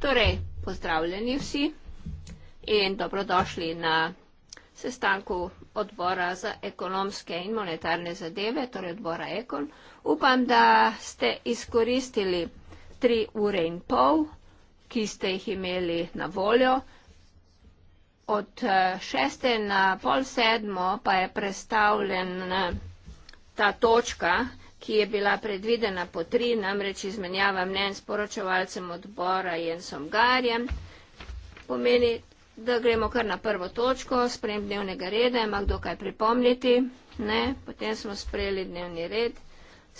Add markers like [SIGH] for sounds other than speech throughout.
Torej, pozdravljeni vsi in dobrodošli na sestanku Odbora za ekonomske in monetarne zadeve, torej Odbora Ekon. Upam, da ste izkoristili tri ure in pol, ki ste jih imeli na voljo. Od eh, šeste na pol sedmo pa je prestavljen ta točka, ki je bila predvidena po tri, namreč izmenjava mnen s poročevalcem odbora Jensom Garjem, pomeni, da gremo kar na prvo točko, sprejem dnevnega reda, ima kdo kaj pripomniti, ne, potem smo sprejeli dnevni red.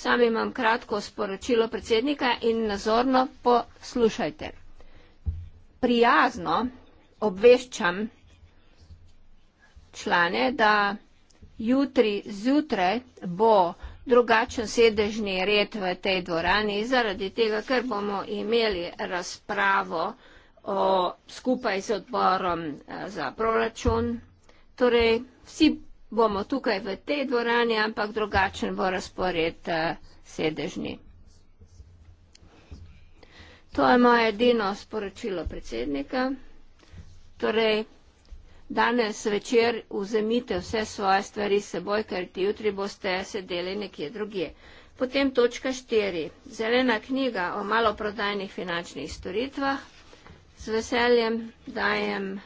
Sam imam kratko sporočilo predsednika in nazorno poslušajte. Prijazno obveščam člane, da jutri zjutraj bo drugačen sedežni red v tej dvorani, zaradi tega, ker bomo imeli razpravo o, skupaj z odborom eh, za proračun. Torej, vsi bomo tukaj v tej dvorani, ampak drugačen bo razpored eh, sedežni. To je moje edino sporočilo predsednika. Torej, danes večer vzemite vse svoje stvari s seboj, ker ti jutri boste sedeli nekje drugje. Potem točka štiri. Zelena knjiga o maloprodajnih finančnih storitvah. Z veseljem dajem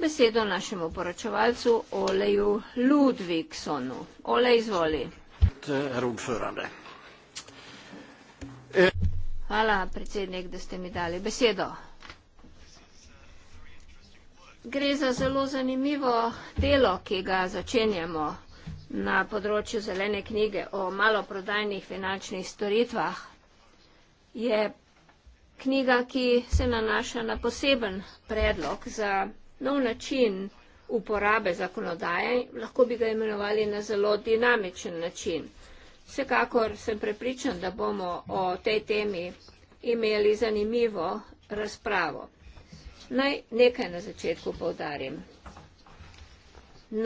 besedo našemu poročevalcu Oleju Ludvigsonu. Ole, izvoli. Hvala, predsednik, da ste mi dali besedo. Gre za zelo zanimivo delo, ki ga začenjamo na področju zelene knjige o maloprodajnih finančnih storitvah. Je knjiga, ki se nanaša na poseben predlog za nov način uporabe zakonodaje, lahko bi ga imenovali na zelo dinamičen način. Vsekakor sem prepričan, da bomo o tej temi imeli zanimivo razpravo. Naj nekaj na začetku povdarim.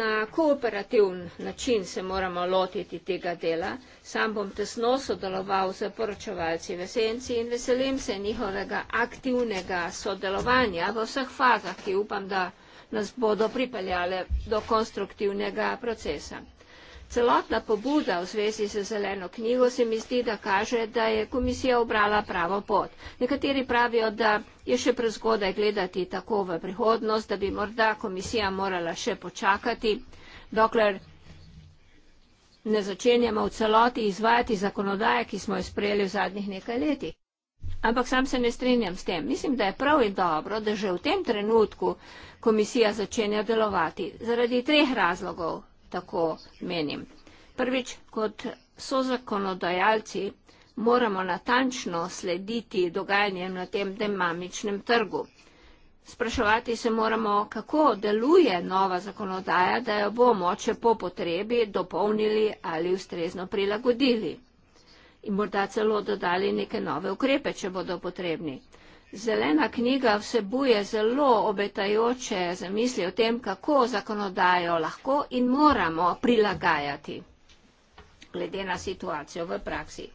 Na kooperativn način se moramo lotiti tega dela. Sam bom tesno sodeloval z poročevalci v Senci in veselim se njihovega aktivnega sodelovanja v vseh fazah, ki upam, da nas bodo pripeljale do konstruktivnega procesa celotna pobuda v zvezi z zeleno knjigo se mi zdi, da kaže, da je komisija obrala pravo pot. Nekateri pravijo, da je še prezgodaj gledati tako v prihodnost, da bi morda komisija morala še počakati, dokler ne začenjamo v celoti izvajati zakonodaje, ki smo jo sprejeli v zadnjih nekaj leti. Ampak sam se ne strinjam s tem. Mislim, da je prav in dobro, da že v tem trenutku komisija začenja delovati. Zaradi treh razlogov tako menim. Prvič, kot so zakonodajalci, moramo natančno slediti dogajanjem na tem demamičnem trgu. Spraševati se moramo, kako deluje nova zakonodaja, da jo bomo, če po potrebi, dopolnili ali ustrezno prilagodili. In morda celo dodali neke nove ukrepe, če bodo potrebni. Zelena knjiga vsebuje zelo obetajoče zamisli o tem, kako zakonodajo lahko in moramo prilagajati glede na situacijo v praksi.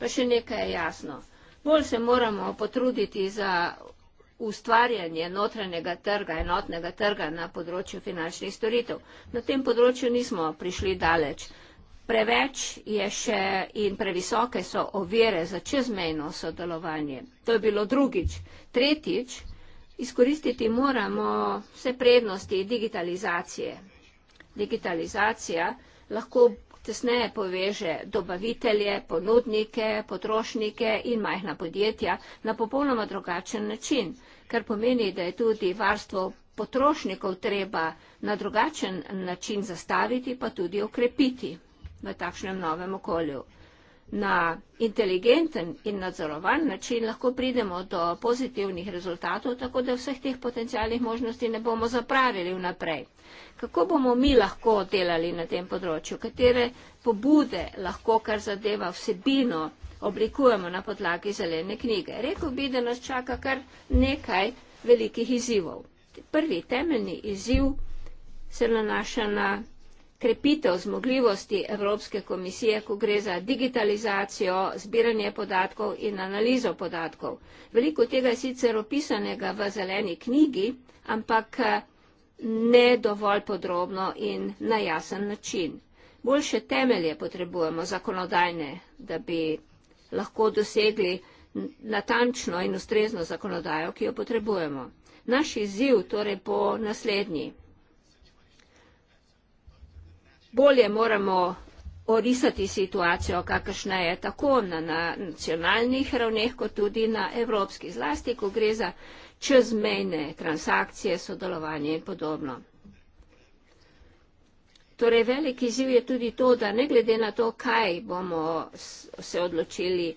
Pa še nekaj je jasno. Bolj se moramo potruditi za ustvarjanje notranjega trga, enotnega trga na področju finančnih storitev. Na tem področju nismo prišli daleč. Preveč je še in previsoke so ovire za čezmejno sodelovanje. To je bilo drugič. Tretjič, izkoristiti moramo vse prednosti digitalizacije. Digitalizacija lahko tesneje poveže dobavitelje, ponudnike, potrošnike in majhna podjetja na popolnoma drugačen način, kar pomeni, da je tudi varstvo potrošnikov treba na drugačen način zastaviti, pa tudi okrepiti v takšnem novem okolju. Na inteligenten in nadzorovan način lahko pridemo do pozitivnih rezultatov, tako da vseh teh potencijalnih možnosti ne bomo zapravili vnaprej. Kako bomo mi lahko delali na tem področju? Katere pobude lahko, kar zadeva vsebino, oblikujemo na podlagi zelene knjige? Rekl bi, da nas čaka kar nekaj velikih izzivov. Prvi temeljni izziv se nanaša na krepitev zmogljivosti Evropske komisije, ko gre za digitalizacijo, zbiranje podatkov in analizo podatkov. Veliko tega je sicer opisanega v zeleni knjigi, ampak ne dovolj podrobno in na jasen način. Boljše temelje potrebujemo zakonodajne, da bi lahko dosegli natančno in ustrezno zakonodajo, ki jo potrebujemo. Naš izziv torej bo naslednji bolje moramo orisati situacijo, kakršna je tako na nacionalnih ravneh, kot tudi na evropski zlasti, ko gre za čezmejne transakcije, sodelovanje in podobno. Torej, veliki ziv je tudi to, da ne glede na to, kaj bomo se odločili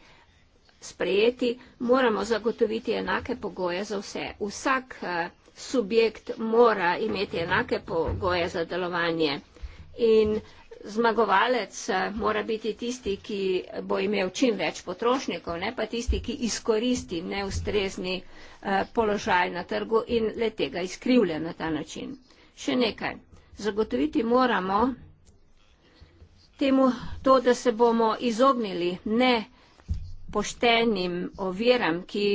sprejeti, moramo zagotoviti enake pogoje za vse. Vsak eh, subjekt mora imeti enake pogoje za delovanje in zmagovalec eh, mora biti tisti, ki bo imel čim več potrošnikov, ne pa tisti, ki izkoristi neustrezni eh, položaj na trgu in le tega izkrivlja na ta način. Še nekaj. Zagotoviti moramo temu to, da se bomo izognili ne poštenim oviram, ki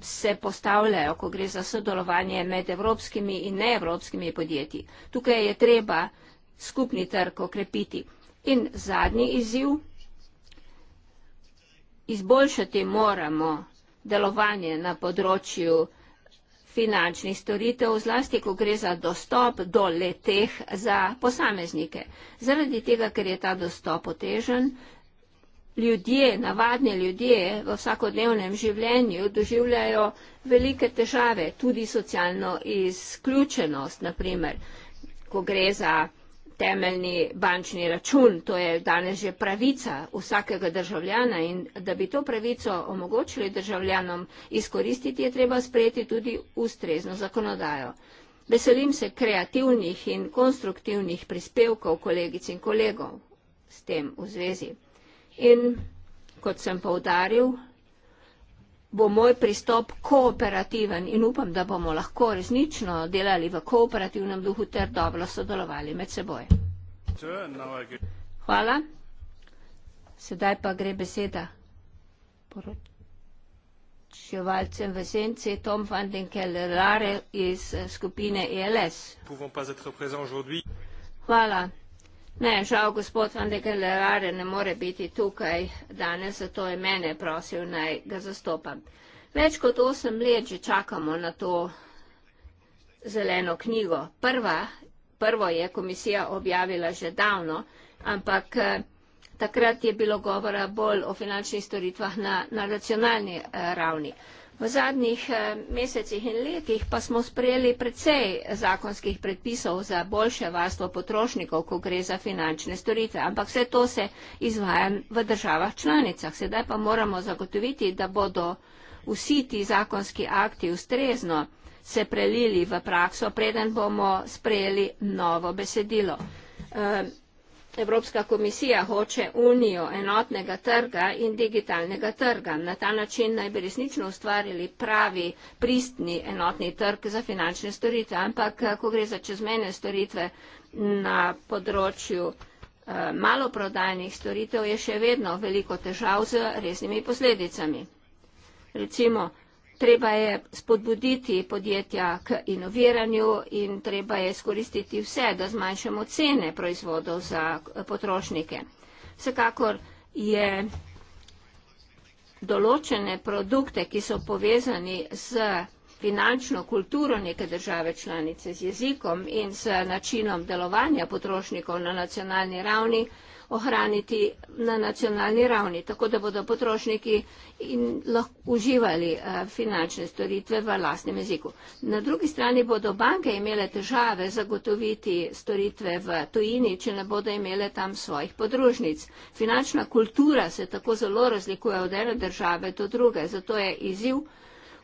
se postavljajo, ko gre za sodelovanje med evropskimi in neevropskimi podjetji. Tukaj je treba skupni trg okrepiti. In zadnji izziv, izboljšati moramo delovanje na področju finančnih storitev, zlasti, ko gre za dostop do leteh za posameznike. Zaradi tega, ker je ta dostop otežen, ljudje, navadni ljudje v vsakodnevnem življenju doživljajo velike težave, tudi socialno izključenost, naprimer, ko gre za temeljni bančni račun, to je danes že pravica vsakega državljana in da bi to pravico omogočili državljanom izkoristiti, je treba sprejeti tudi ustrezno zakonodajo. Veselim se kreativnih in konstruktivnih prispevkov kolegic in kolegov s tem v zvezi. In kot sem poudaril, bo moj pristop kooperativen in upam, da bomo lahko resnično delali v kooperativnem duhu ter dobro sodelovali med seboj. Hvala. Sedaj pa gre beseda poročevalcem v senci Tom van den Kellerare iz skupine ELS. Hvala. Ne, žal gospod Van de Gelerare ne more biti tukaj danes, zato je mene prosil naj ga zastopam. Več kot osem let že čakamo na to zeleno knjigo. Prva, prvo je komisija objavila že davno, ampak eh, takrat je bilo govora bolj o finančnih storitvah na, na racionalni eh, ravni. V zadnjih eh, mesecih in letih pa smo sprejeli precej zakonskih predpisov za boljše varstvo potrošnikov, ko gre za finančne storitve. Ampak vse to se izvaja v državah članicah. Sedaj pa moramo zagotoviti, da bodo vsi ti zakonski akti ustrezno se prelili v prakso, preden bomo sprejeli novo besedilo. Uh, Evropska komisija hoče unijo enotnega trga in digitalnega trga. Na ta način naj bi resnično ustvarili pravi pristni enotni trg za finančne storitve. Ampak eh, ko gre za čezmene storitve na področju eh, maloprodajnih storitev, je še vedno veliko težav z resnimi posledicami. Recimo, treba je spodbuditi podjetja k inoviranju in treba je skoristiti vse, da zmanjšamo cene proizvodov za eh, potrošnike. Vsekakor je določene produkte, ki so povezani z finančno kulturo neke države članice, z jezikom in z načinom delovanja potrošnikov na nacionalni ravni, ohraniti na nacionalni ravni, tako da bodo potrošniki lahko uživali eh, finančne storitve v lastnem jeziku. Na drugi strani bodo banke imele težave zagotoviti storitve v tujini, če ne bodo imele tam svojih podružnic. Finančna kultura se tako zelo razlikuje od ene države do druge, zato je izziv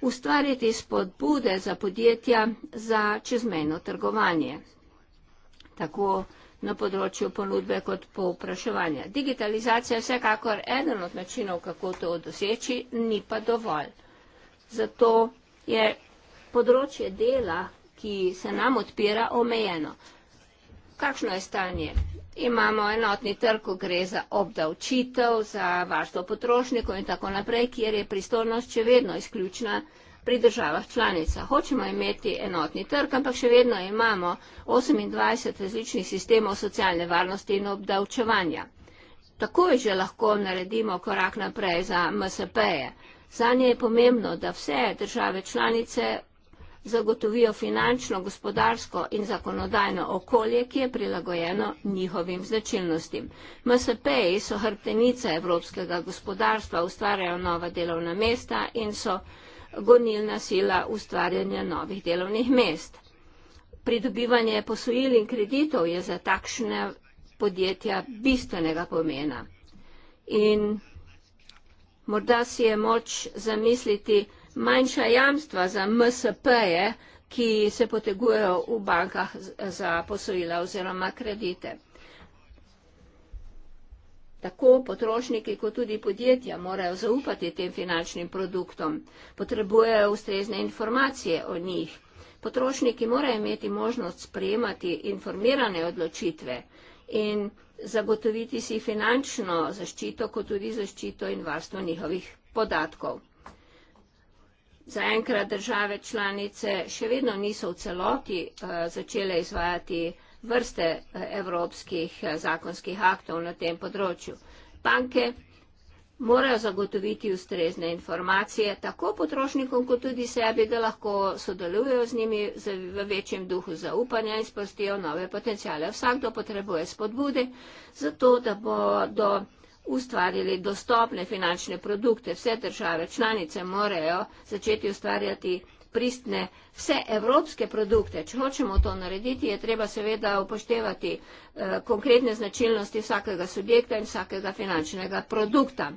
ustvariti spodbude za podjetja za čezmejno trgovanje. Tako na področju ponudbe kot povpraševanja. Digitalizacija je vsekakor eden od načinov, kako to doseči, ni pa dovolj. Zato je področje dela, ki se nam odpira, omejeno. Kakšno je stanje? Imamo enotni trg, ko gre za obdavčitev, za varstvo potrošnikov in tako naprej, kjer je pristojnost še vedno izključna pri državah članica. Hočemo imeti enotni trg, ampak še vedno imamo 28 različnih sistemov socialne varnosti in obdavčevanja. Takoj že lahko naredimo korak naprej za MSP-je. Zanje je pomembno, da vse države članice zagotovijo finančno, gospodarsko in zakonodajno okolje, ki je prilagojeno njihovim značilnostim. MSP-ji so hrbtenice evropskega gospodarstva, ustvarjajo nova delovna mesta in so gonilna sila ustvarjanja novih delovnih mest. Pridobivanje posojil in kreditov je za takšne podjetja bistvenega pomena. In morda si je moč zamisliti, manjša jamstva za MSP-je, ki se potegujejo v bankah za posojila oziroma kredite. Tako potrošniki kot tudi podjetja morajo zaupati tem finančnim produktom, potrebujejo ustrezne informacije o njih. Potrošniki morajo imeti možnost sprejemati informirane odločitve in zagotoviti si finančno zaščito, kot tudi zaščito in varstvo njihovih podatkov zaenkrat države članice še vedno niso v celoti eh, začele izvajati vrste eh, evropskih eh, zakonskih aktov na tem področju. Banke morajo zagotoviti ustrezne informacije tako potrošnikom kot tudi sebi, da lahko sodelujejo z njimi v večjem duhu zaupanja in spustijo nove potencijale. Vsakdo potrebuje spodbude za to, da bo do ustvarili dostopne finančne produkte. Vse države članice morajo začeti ustvarjati pristne vse evropske produkte. Če hočemo to narediti, je treba seveda upoštevati eh, konkretne značilnosti vsakega subjekta in vsakega finančnega produkta.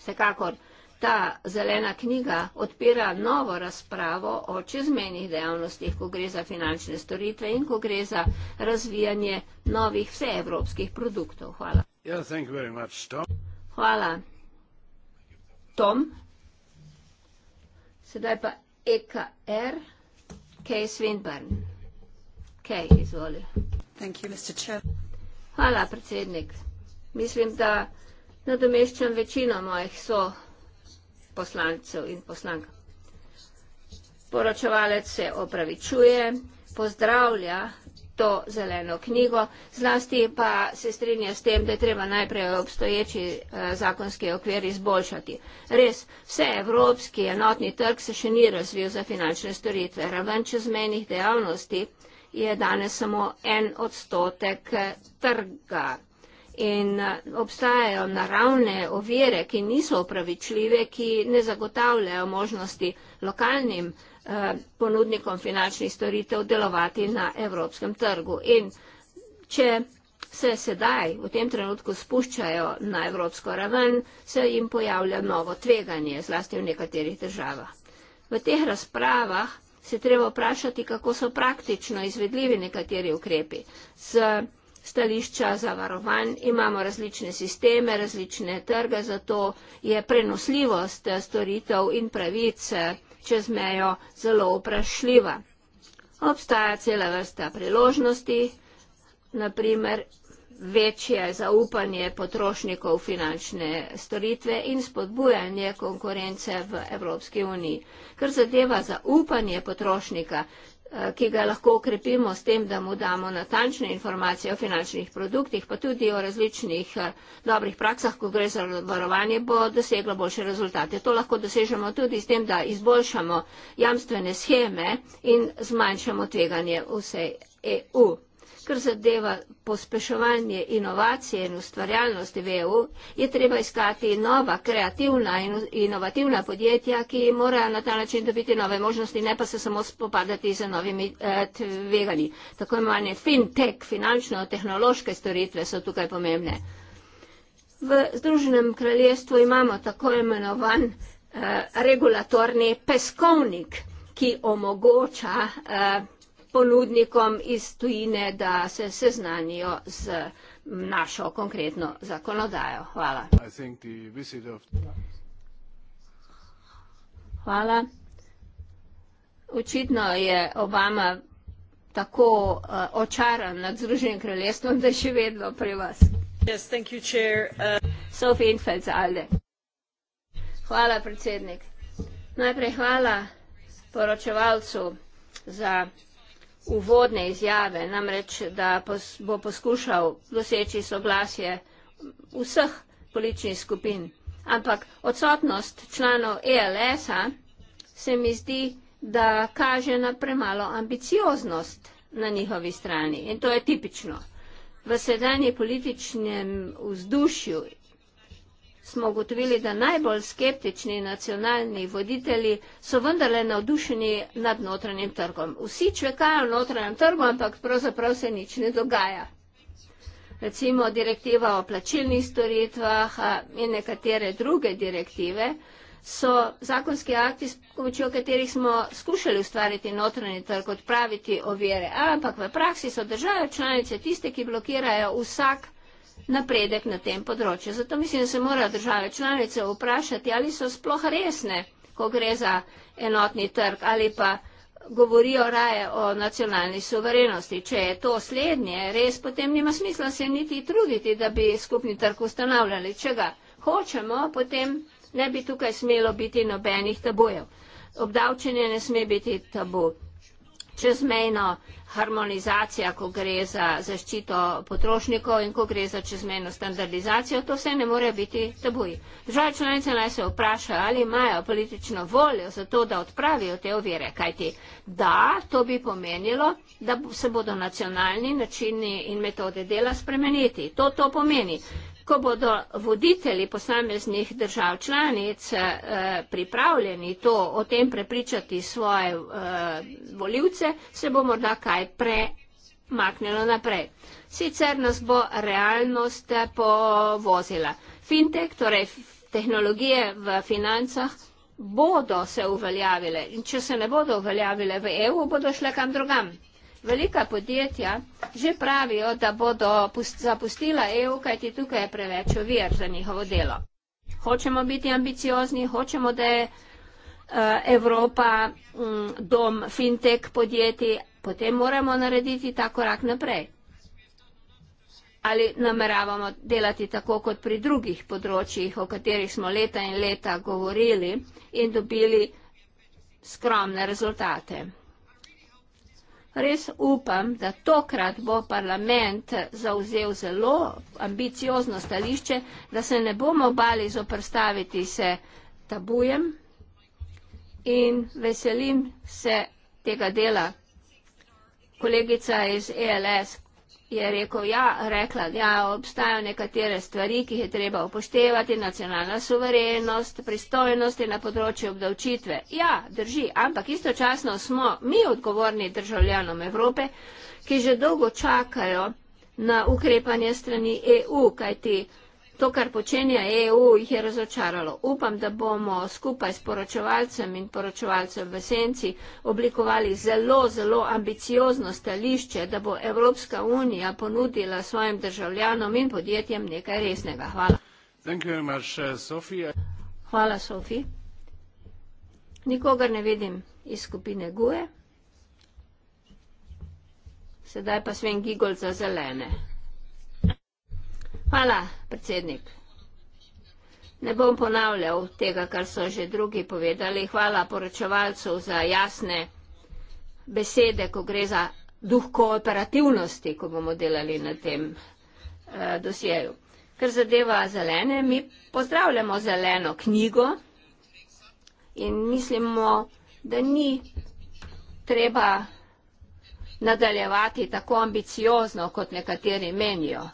Vsekakor ta zelena knjiga odpira novo razpravo o čezmenih dejavnostih, ko gre za finančne storitve in ko gre za razvijanje novih vseevropskih produktov. Hvala. Hvala. Tom? Sedaj pa EKR, Kay Svinburn. Kay, izvoli. Hvala, predsednik. Mislim, da nadomeščam večino mojih so poslancev in poslank. Poročevalec se opravičuje, pozdravlja to zeleno knjigo, zlasti pa se strinja s tem, da je treba najprej obstoječi eh, zakonski okvir izboljšati. Res, vse evropski enotni trg se še ni razvil za finančne storitve, raven čezmenih dejavnosti je danes samo en odstotek eh, trga. In eh, obstajajo naravne ovire, ki niso upravičljive, ki ne zagotavljajo možnosti lokalnim Eh, ponudnikom finančnih storitev delovati na evropskem trgu. In če se sedaj v tem trenutku spuščajo na evropsko raven, se jim pojavlja novo tveganje, zlasti v nekaterih državah. V teh razpravah se treba vprašati, kako so praktično izvedljivi nekateri ukrepi. Z stališča zavarovanj imamo različne sisteme, različne trge, zato je prenosljivost storitev in pravice eh, čez mejo zelo vprašljiva. Obstaja cela vrsta priložnosti, naprimer večje zaupanje potrošnikov finančne storitve in spodbujanje konkurence v Evropski uniji. Kar zadeva zaupanje potrošnika, Eh, ki ga lahko okrepimo s tem, da mu damo natančne informacije o finančnih produktih, pa tudi o različnih eh, dobrih praksah, ko gre za varovanje, bo doseglo boljše rezultate. To lahko dosežemo tudi s tem, da izboljšamo jamstvene scheme in zmanjšamo tveganje vsej EU kar zadeva pospeševanje inovacije in ustvarjalnosti v EU, je treba iskati nova, kreativna in inovativna podjetja, ki morajo na ta način dobiti nove možnosti, ne pa se samo spopadati z novimi eh, tveganji. Tako imenovane fintech, finančno-tehnološke storitve so tukaj pomembne. V Združenem kraljestvu imamo tako imenovan eh, regulatorni peskovnik, ki omogoča eh, ponudnikom iz tujine, da se seznanijo z našo konkretno zakonodajo. Hvala. Hvala. Očitno je Obama tako uh, očaran nad Združenim kraljestvom, da je še vedno pri vas. Yes, thank you, chair. Uh... Sophie Infeldz, alde. Hvala, predsednik. Najprej hvala poročevalcu za uvodne izjave, namreč, da pos, bo poskušal doseči soglasje vseh političnih skupin. Ampak odsotnost članov ELS-a se mi zdi, da kaže na premalo ambicioznost na njihovi strani. In to je tipično. V sedanji političnem vzdušju smo ugotovili, da najbolj skeptični nacionalni voditelji so vendarle navdušeni nad notranjim trgom. Vsi čekajo na notranjem trgu, ampak pravzaprav se nič ne dogaja. Recimo direktiva o plačilnih storitvah in nekatere druge direktive so zakonski akti, s pomočjo katerih smo skušali ustvariti notranji trg, odpraviti ovire. Ampak v praksi so države članice tiste, ki blokirajo vsak napredek na tem področju. Zato mislim, da se morajo države članice vprašati, ali so sploh resne, ko gre za enotni trg ali pa govorijo raje o nacionalni suverenosti. Če je to slednje, res potem nima smisla se niti truditi, da bi skupni trg ustanavljali. Če ga hočemo, potem ne bi tukaj smelo biti nobenih tabujev. Obdavčenje ne sme biti tabu. Čezmejno harmonizacija, ko gre za zaščito potrošnikov in ko gre za čezmeno standardizacijo, to vse ne more biti tabuji. Države članice naj se vprašajo, ali imajo politično voljo za to, da odpravijo te ovire, kajti da, to bi pomenilo, da se bodo nacionalni načini in metode dela spremeniti. To to pomeni ko bodo voditelji posameznih držav članic eh, pripravljeni to o tem prepričati svoje eh, voljivce, se bo morda kaj premaknilo naprej. Sicer nas bo realnost eh, povozila. Fintech, torej tehnologije v financah, bodo se uveljavile in če se ne bodo uveljavile v EU, bodo šle kam drugam. Velika podjetja že pravijo, da bodo zapustila EU, kajti tukaj je preveč ovir za njihovo delo. Hočemo biti ambiciozni, hočemo, da je e, Evropa dom fintech podjetij, potem moramo narediti ta korak naprej. Ali nameravamo delati tako kot pri drugih področjih, o katerih smo leta in leta govorili in dobili skromne rezultate. Res upam, da tokrat bo parlament zauzel zelo ambiciozno stališče, da se ne bomo bali zoprstaviti se tabujem in veselim se tega dela. Kolegica iz ELS, je rekel, ja, rekla, ja, obstajajo nekatere stvari, ki jih je treba upoštevati, nacionalna suverenost, pristojnosti na področju obdavčitve. Ja, drži, ampak istočasno smo mi odgovorni državljanom Evrope, ki že dolgo čakajo na ukrepanje strani EU, kajti To, kar počenja EU, jih je razočaralo. Upam, da bomo skupaj s poročevalcem in poročevalcem v senci oblikovali zelo, zelo ambiciozno stališče, da bo Evropska unija ponudila svojim državljanom in podjetjem nekaj resnega. Hvala. Much, uh, Hvala, Sofi. Nikogar ne vidim iz skupine GUE. Sedaj pa Sven Gigol za zelene. Hvala, predsednik. Ne bom ponavljal tega, kar so že drugi povedali. Hvala poročevalcu za jasne besede, ko gre za duh kooperativnosti, ko bomo delali na tem eh, dosjeju. Kar zadeva zelene, mi pozdravljamo zeleno knjigo in mislimo, da ni treba nadaljevati tako ambiciozno, kot nekateri menijo.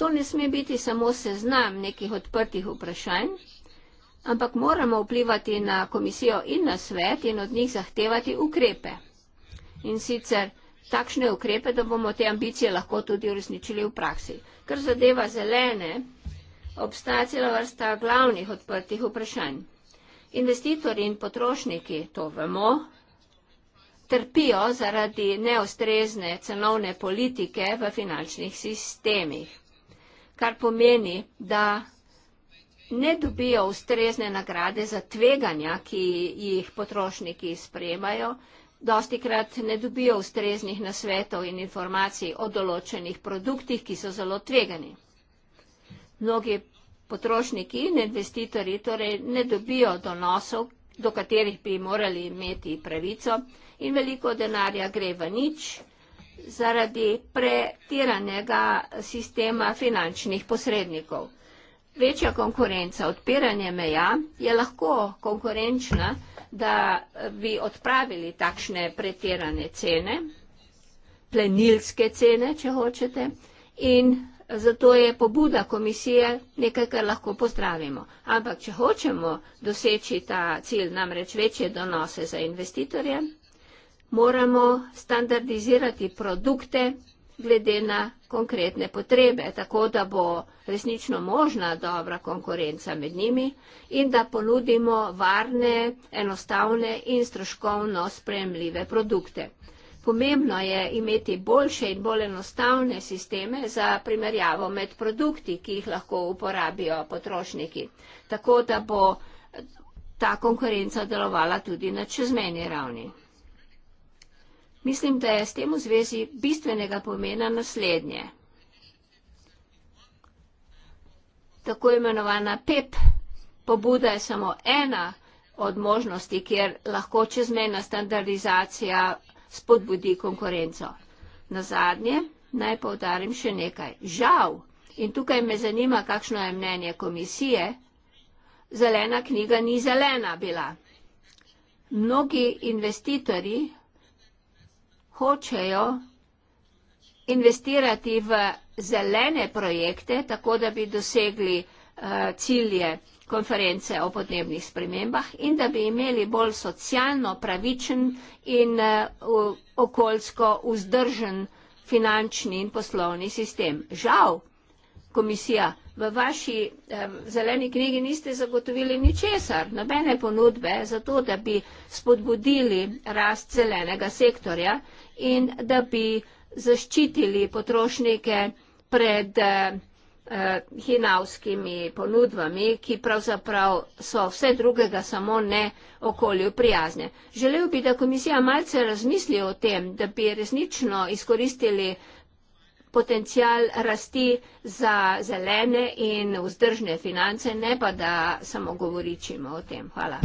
To ne sme biti samo seznam nekih odprtih vprašanj, ampak moramo vplivati na komisijo in na svet in od njih zahtevati ukrepe. In sicer takšne ukrepe, da bomo te ambicije lahko tudi uresničili v praksi. Kar zadeva zelene, obstaja cela vrsta glavnih odprtih vprašanj. Investitorji in potrošniki, to vemo, trpijo zaradi neostrezne cenovne politike v finančnih sistemih kar pomeni, da ne dobijo ustrezne nagrade za tveganja, ki jih potrošniki sprejemajo, dosti krat ne dobijo ustreznih nasvetov in informacij o določenih produktih, ki so zelo tvegani. Mnogi potrošniki in investitorji torej ne dobijo donosov, do katerih bi morali imeti pravico in veliko denarja gre v nič, zaradi pretiranega sistema finančnih posrednikov. Večja konkurenca, odpiranje meja je lahko konkurenčna, da bi odpravili takšne pretirane cene, plenilske cene, če hočete, in zato je pobuda komisije nekaj, kar lahko pozdravimo. Ampak, če hočemo doseči ta cilj, namreč večje donose za investitorje, moramo standardizirati produkte glede na konkretne potrebe, tako da bo resnično možna dobra konkurenca med njimi in da ponudimo varne, enostavne in stroškovno spremljive produkte. Pomembno je imeti boljše in bolj enostavne sisteme za primerjavo med produkti, ki jih lahko uporabijo potrošniki, tako da bo ta konkurenca delovala tudi na čezmeni ravni. Mislim, da je s tem v zvezi bistvenega pomena naslednje. Tako imenovana PEP e pobuda je samo ena od možnosti, kjer lahko čezmena standardizacija spodbudi konkurenco. Na zadnje naj povdarim še nekaj. Žal, in tukaj me zanima, kakšno je mnenje komisije, zelena knjiga ni zelena bila. Mnogi investitorji hočejo investirati v zelene projekte, tako da bi dosegli eh, cilje konference o podnebnih spremembah in da bi imeli bolj socialno pravičen in eh, okoljsko vzdržen finančni in poslovni sistem. Žal, komisija v vaši um, zeleni knjigi niste zagotovili ničesar, nobene ponudbe za to, da bi spodbudili rast zelenega sektorja in da bi zaščitili potrošnike pred uh, hinavskimi ponudbami, ki pravzaprav so vse drugega, samo ne okolju prijazne. Želel bi, da komisija malce razmisli o tem, da bi resnično izkoristili potencial rasti za zelene in vzdržne finance, ne pa da samo govoričimo o tem. Hvala.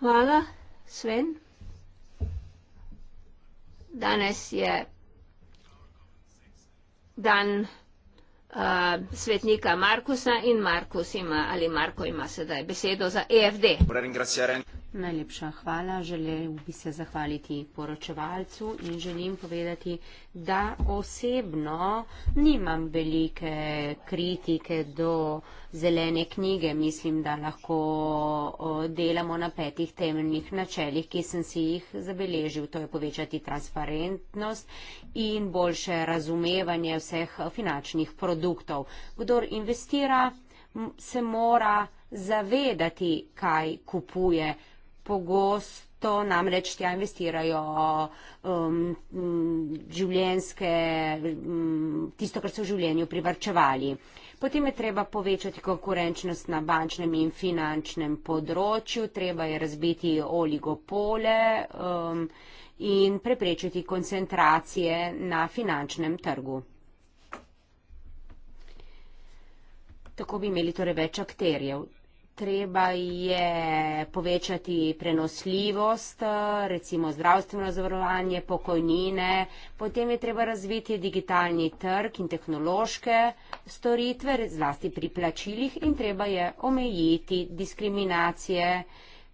Hvala, Sven. Danes je dan uh, svetnika Markusa in Markus ima, ali Marko ima sedaj besedo za EFD. Dobre, Najlepša hvala. Želel bi se zahvaliti poročevalcu in želim povedati, da osebno nimam velike kritike do zelene knjige. Mislim, da lahko delamo na petih temeljnih načeljih, ki sem si jih zabeležil. To je povečati transparentnost in boljše razumevanje vseh finančnih produktov. Kdor investira, se mora zavedati, kaj kupuje pogosto namreč tja investirajo um, um, mm, življenske, um, mm, tisto, kar so v življenju privrčevali. Potem je treba povečati konkurenčnost na bančnem in finančnem področju, treba je razbiti oligopole um, in preprečiti koncentracije na finančnem trgu. Tako bi imeli torej več akterjev treba je povečati prenosljivost, recimo zdravstveno zavarovanje, pokojnine, potem je treba razviti digitalni trg in tehnološke storitve, zlasti pri plačilih in treba je omejiti diskriminacije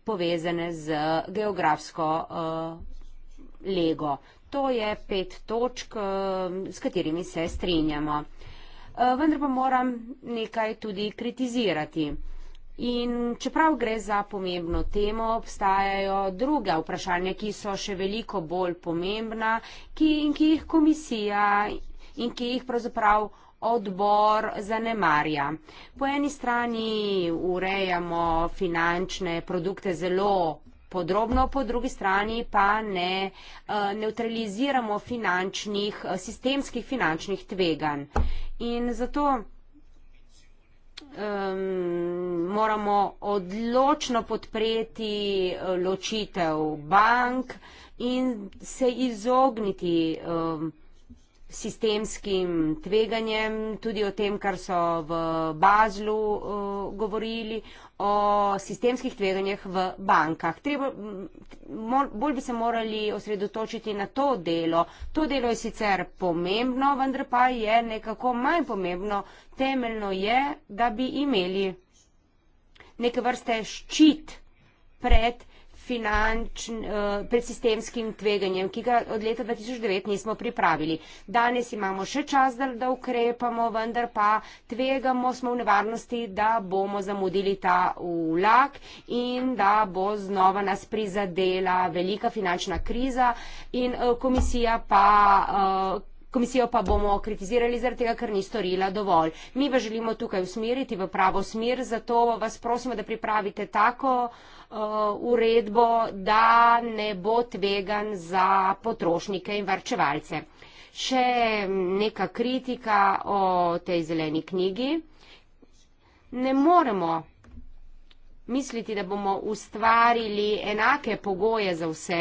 povezane z geografsko uh, lego. To je pet točk, uh, s katerimi se strinjamo. Eh, vendar pa moram nekaj tudi kritizirati. In čeprav gre za pomembno temo, obstajajo druga vprašanja, ki so še veliko bolj pomembna ki, in ki jih komisija in ki jih pravzaprav odbor zanemarja. Po eni strani urejamo finančne produkte zelo podrobno, po drugi strani pa ne uh, eh, neutraliziramo finančnih, eh, sistemskih finančnih tveganj. In zato um, moramo odločno podpreti eh, ločitev bank in se izogniti um, sistemskim tveganjem, tudi o tem, kar so v Bazlu uh, govorili, o sistemskih tveganjih v bankah. Treba, mor, bolj bi se morali osredotočiti na to delo. To delo je sicer pomembno, vendar pa je nekako manj pomembno. Temeljno je, da bi imeli neke vrste ščit pred finančn, eh, pred sistemskim tveganjem, ki ga od leta 2009 nismo pripravili. Danes imamo še čas, da, da ukrepamo, vendar pa tvegamo, smo v nevarnosti, da bomo zamudili ta vlak in da bo znova nas prizadela velika finančna kriza in eh, komisija pa. Uh, komisijo pa bomo kritizirali zaradi tega, ker ni storila dovolj. Mi pa želimo tukaj usmeriti v pravo smer, zato vas prosimo, da pripravite tako uh, uredbo, da ne bo tvegan za potrošnike in varčevalce. Še neka kritika o tej zeleni knjigi. Ne moremo misliti, da bomo ustvarili enake pogoje za vse.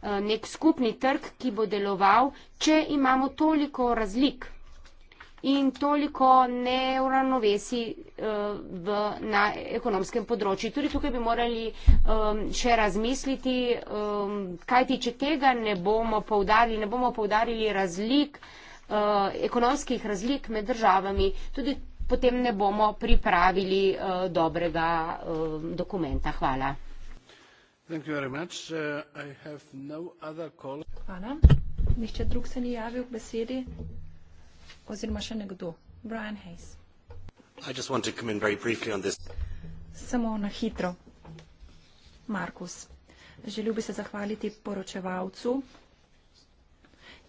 Eh, nek skupni trg, ki bo deloval, če imamo toliko razlik in toliko neuravnovesi uh, eh, na ekonomskem področju. Tudi tukaj bi morali um, še razmisliti, um, kajti če tega ne bomo povdarili, ne bomo povdarili razlik, uh, ekonomskih razlik med državami, tudi potem ne bomo pripravili uh, dobrega uh, dokumenta. Hvala. Uh, no Hvala. Nihče drug se ni javil k besedi oziroma še nekdo. Brian Hayes. I just want to come in very briefly on this. Samo na hitro. Markus, želel bi se zahvaliti poročevalcu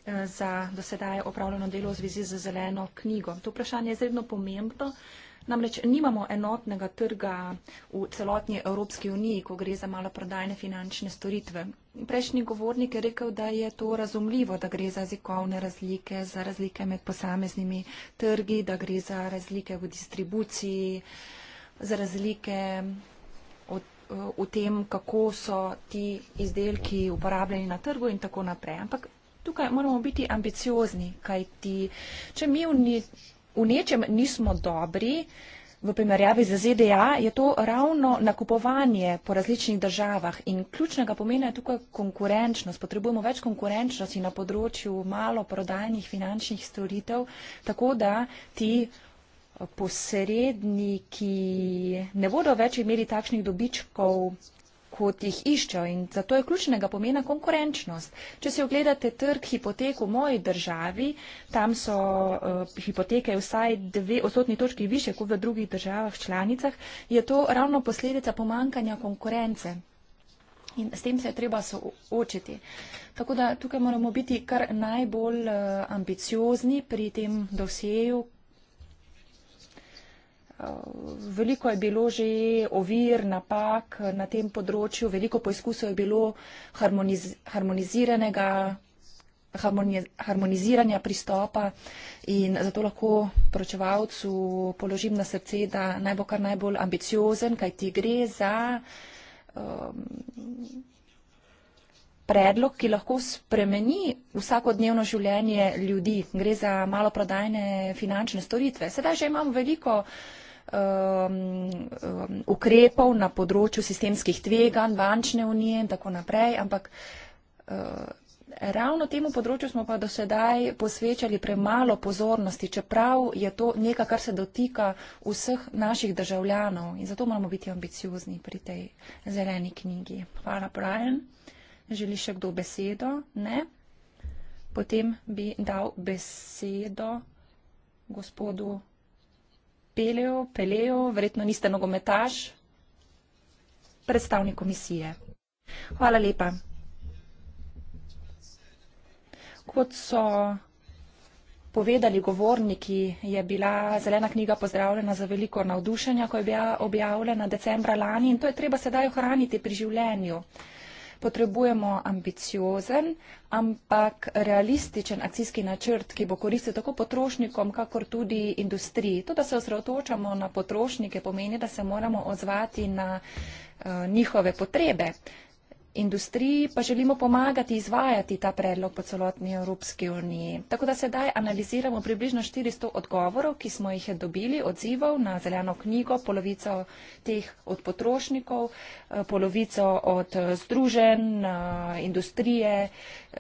eh, za dosedaj opravljeno delo v zvezi z zeleno knjigo. To vprašanje je izredno pomembno. Namreč nimamo enotnega trga v celotni Evropski uniji, ko gre za maloprodajne finančne storitve. Prejšnji govornik je rekel, da je to razumljivo, da gre za jezikovne razlike, za razlike med posameznimi trgi, da gre za razlike v distribuciji, za razlike v tem, kako so ti izdelki uporabljeni na trgu in tako naprej. Ampak tukaj moramo biti ambiciozni, kaj ti, če mi v njih v nečem nismo dobri v primerjavi z ZDA, je to ravno nakupovanje po različnih državah. In ključnega pomena je tukaj konkurenčnost. Potrebujemo več konkurenčnosti na področju malo prodajnih finančnih storitev, tako da ti posredniki ne bodo več imeli takšnih dobičkov kotih iščejo in zato je ključnega pomena konkurenčnost. Če si ogledate trg hipotek v moji državi, tam so uh, hipoteke vsaj dve odstotni točki više kot v drugih državah članicah, je to ravno posledica pomankanja konkurence. In s tem se je treba soočiti. Tako da tukaj moramo biti kar najbolj eh, ambiciozni pri tem dosjeju, Veliko je bilo že ovir, napak na tem področju, veliko poizkusov je bilo harmoniz harmoniziranega, harmoniz harmoniziranja pristopa in zato lahko poročevalcu položim na srce, da naj bo kar najbolj ambiciozen, kaj ti gre za um, predlog, ki lahko spremeni vsakodnevno življenje ljudi. Gre za maloprodajne finančne storitve. Sedaj že imamo veliko um, um, ukrepov na področju sistemskih tveganj, bančne unije in tako naprej, ampak uh, ravno temu področju smo pa do sedaj posvečali premalo pozornosti, čeprav je to nekaj, kar se dotika vseh naših državljanov in zato moramo biti ambiciozni pri tej zeleni knjigi. Hvala, Brian. Želi še kdo besedo? Ne. Potem bi dal besedo gospodu peljejo, pelejo, verjetno niste nogometaš, predstavnik komisije. Hvala lepa. Kot so povedali govorniki, je bila zelena knjiga pozdravljena za veliko navdušenja, ko je bila objavljena decembra lani in to je treba sedaj ohraniti pri življenju potrebujemo ambiciozen, ampak realističen akcijski načrt, ki bo koristil tako potrošnikom, kakor tudi industriji. To, da se osredotočamo na potrošnike, pomeni, da se moramo odzvati na uh, njihove potrebe industriji, pa želimo pomagati izvajati ta predlog po celotni Evropski uniji. Tako da sedaj analiziramo približno 400 odgovorov, ki smo jih dobili, odzivov na zeleno knjigo, polovico teh od potrošnikov, eh, polovico od eh, združen, eh, industrije.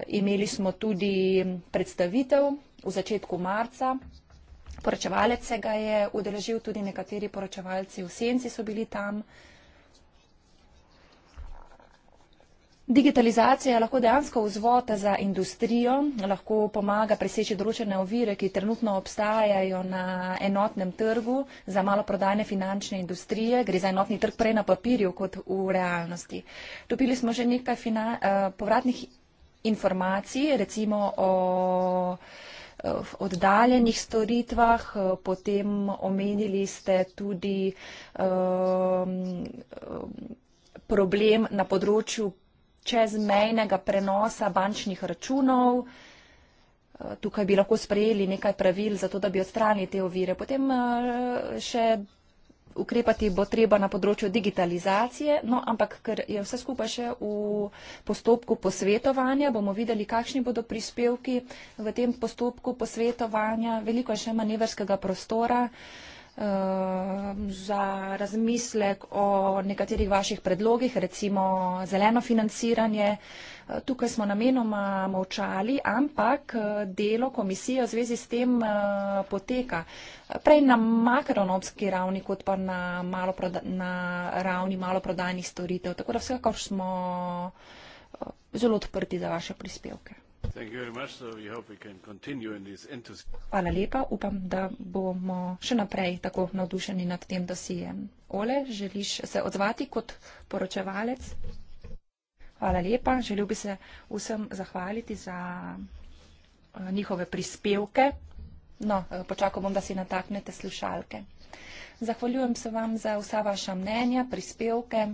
Imeli smo tudi predstavitev v začetku marca. Poročevalec se ga je udeležil, tudi nekateri poročevalci v Senci so bili tam. Digitalizacija lahko dejansko vzvota za industrijo, lahko pomaga preseči določene ovire, ki trenutno obstajajo na enotnem trgu za maloprodajne finančne industrije. Gre za enotni trg prej na papirju kot v realnosti. Dobili smo že nekaj fina, uh, povratnih informacij, recimo o eh, oddaljenih storitvah, eh, potem omenili ste tudi um, problem na področju čezmejnega prenosa bančnih računov. Eh, tukaj bi lahko sprejeli nekaj pravil za to, da bi odstranili te ovire. Potem eh, še ukrepati bo treba na področju digitalizacije, no, ampak ker je vse skupaj še v postopku posvetovanja, bomo videli, kakšni bodo prispevki v tem postopku posvetovanja. Veliko je še manevrskega prostora. Uh, Ehm, za razmislek o nekaterih vaših predlogih, recimo zeleno financiranje. Eh, tukaj smo namenoma molčali, ampak eh, delo komisije v zvezi s tem eh, poteka. Prej na makronomski ravni, kot pa na, malo na ravni maloprodajnih storitev. Tako da vsekakor smo zelo odprti za vaše prispevke. Hvala lepa, upam, da bomo še naprej tako navdušeni nad tem, da si je. Ole, želiš se odzvati kot poročevalec? Hvala lepa, želel bi se vsem zahvaliti za eh, njihove prispevke. No, eh, počakal bom, da si nataknete slušalke. Zahvaljujem se vam za vsa vaša mnenja, prispevke.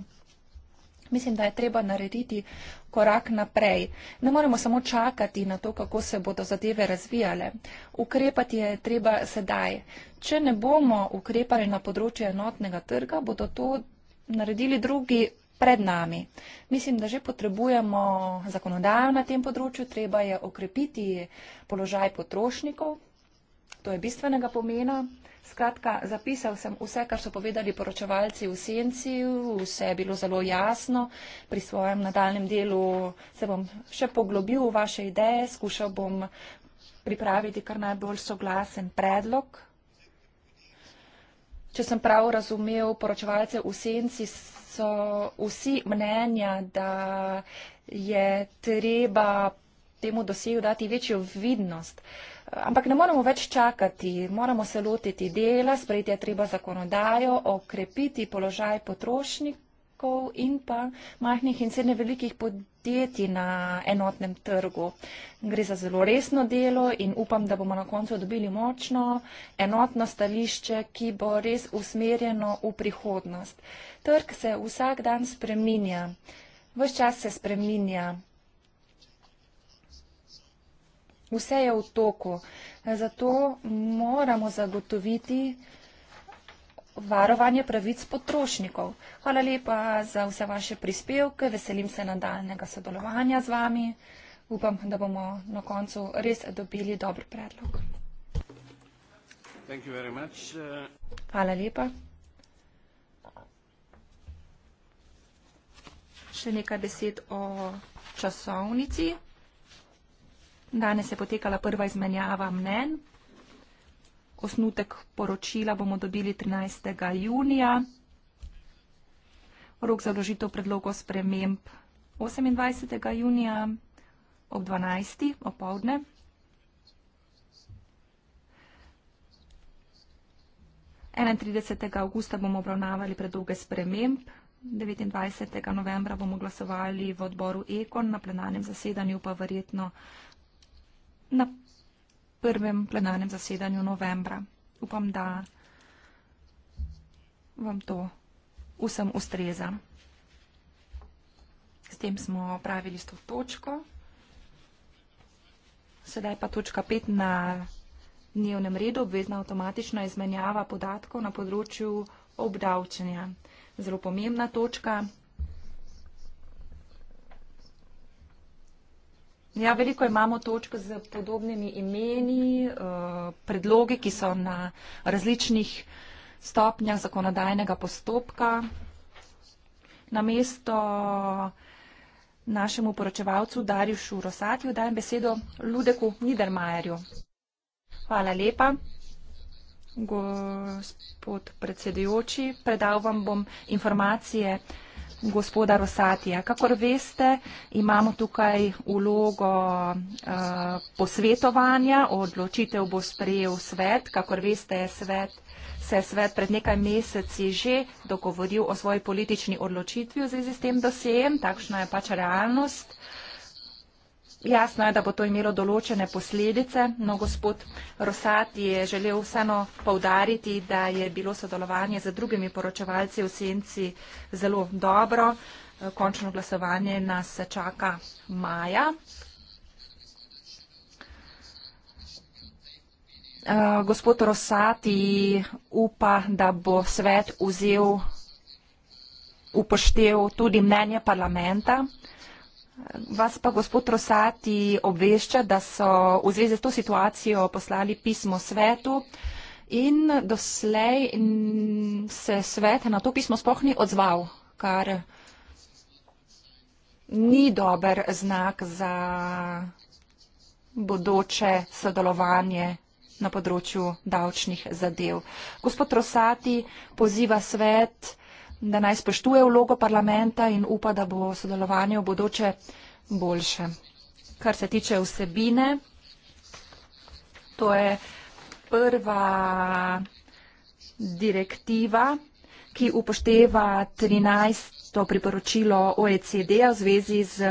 Mislim, da je treba narediti korak naprej. Ne moremo samo čakati na to, kako se bodo zadeve razvijale. Ukrepati je treba sedaj. Če ne bomo ukrepali na področju enotnega trga, bodo to naredili drugi pred nami. Mislim, da že potrebujemo zakonodajo na tem področju, treba je okrepiti položaj potrošnikov. To je bistvenega pomena. Skratka, zapisal sem vse, kar so povedali poročevalci v senci, vse je bilo zelo jasno. Pri svojem nadaljem delu se bom še poglobil v vaše ideje, skušal bom pripraviti kar najbolj soglasen predlog. Če sem prav razumel, poročevalce v senci so vsi mnenja, da je treba temu dosegu dati večjo vidnost. Uh, Ampak ne moramo več čakati, moramo se lotiti dela, sprejeti je treba zakonodajo, okrepiti položaj potrošnikov in pa majhnih in srednje velikih podjetij na enotnem trgu. Gre za zelo resno delo in upam, da bomo na koncu dobili močno, enotno stališče, ki bo res usmerjeno v prihodnost. Trg se vsak dan spreminja, vse čas se spreminja. Vse je v toku. Zato moramo zagotoviti varovanje pravic potrošnikov. Hvala lepa za vse vaše prispevke. Veselim se nadaljnega sodelovanja z vami. Upam, da bomo na koncu res dobili dober predlog. Uh, Hvala lepa. Še nekaj besed o časovnici. Danes je potekala prva izmenjava mnen. Osnutek poročila bomo dobili 13. junija. Rok za vložitev predlogov sprememb 28. junija ob 12. opovdne. Ob 31. augusta bomo obravnavali predloge sprememb. 29. novembra bomo glasovali v odboru Ekon na plenarnem zasedanju, pa verjetno na prvem plenarnem zasedanju novembra. Upam, da vam to vsem ustreza. S tem smo pravili s to točko. Sedaj pa točka 5 na dnevnem redu, obvezna avtomatična izmenjava podatkov na področju obdavčenja. Zelo pomembna točka. Ja, veliko imamo točk z podobnimi imeni, eh, predlogi, ki so na različnih stopnjah zakonodajnega postopka. Na mesto našemu poročevalcu Darju Šurosatju dajem besedo Ludeku Niedermajerju. Hvala lepa, gospod predsedujoči. Predal vam bom informacije gospoda Rosatija. Kakor veste, imamo tukaj ulogo eh, posvetovanja, odločitev bo sprejel svet. Kakor veste, je svet, se je svet pred nekaj meseci že dogovoril o svoji politični odločitvi v zvezi s tem dosejem, takšna je pač realnost. Jasno je, da bo to imelo določene posledice, no gospod Rosati je želel vseeno povdariti, da je bilo sodelovanje z drugimi poročevalci v senci zelo dobro. Končno glasovanje nas čaka maja. Eh, gospod Rosati upa, da bo svet vzel upoštev tudi mnenje parlamenta. Vas pa gospod Rosati obvešča, da so v zvezi s to situacijo poslali pismo svetu in doslej se svet na to pismo sploh ni odzval, kar ni dober znak za bodoče sodelovanje na področju davčnih zadev. Gospod Rosati poziva svet, da naj spoštuje vlogo parlamenta in upa, da bo sodelovanje v bodoče boljše. Kar se tiče vsebine, to je prva direktiva, ki upošteva 13. priporočilo OECD v zvezi z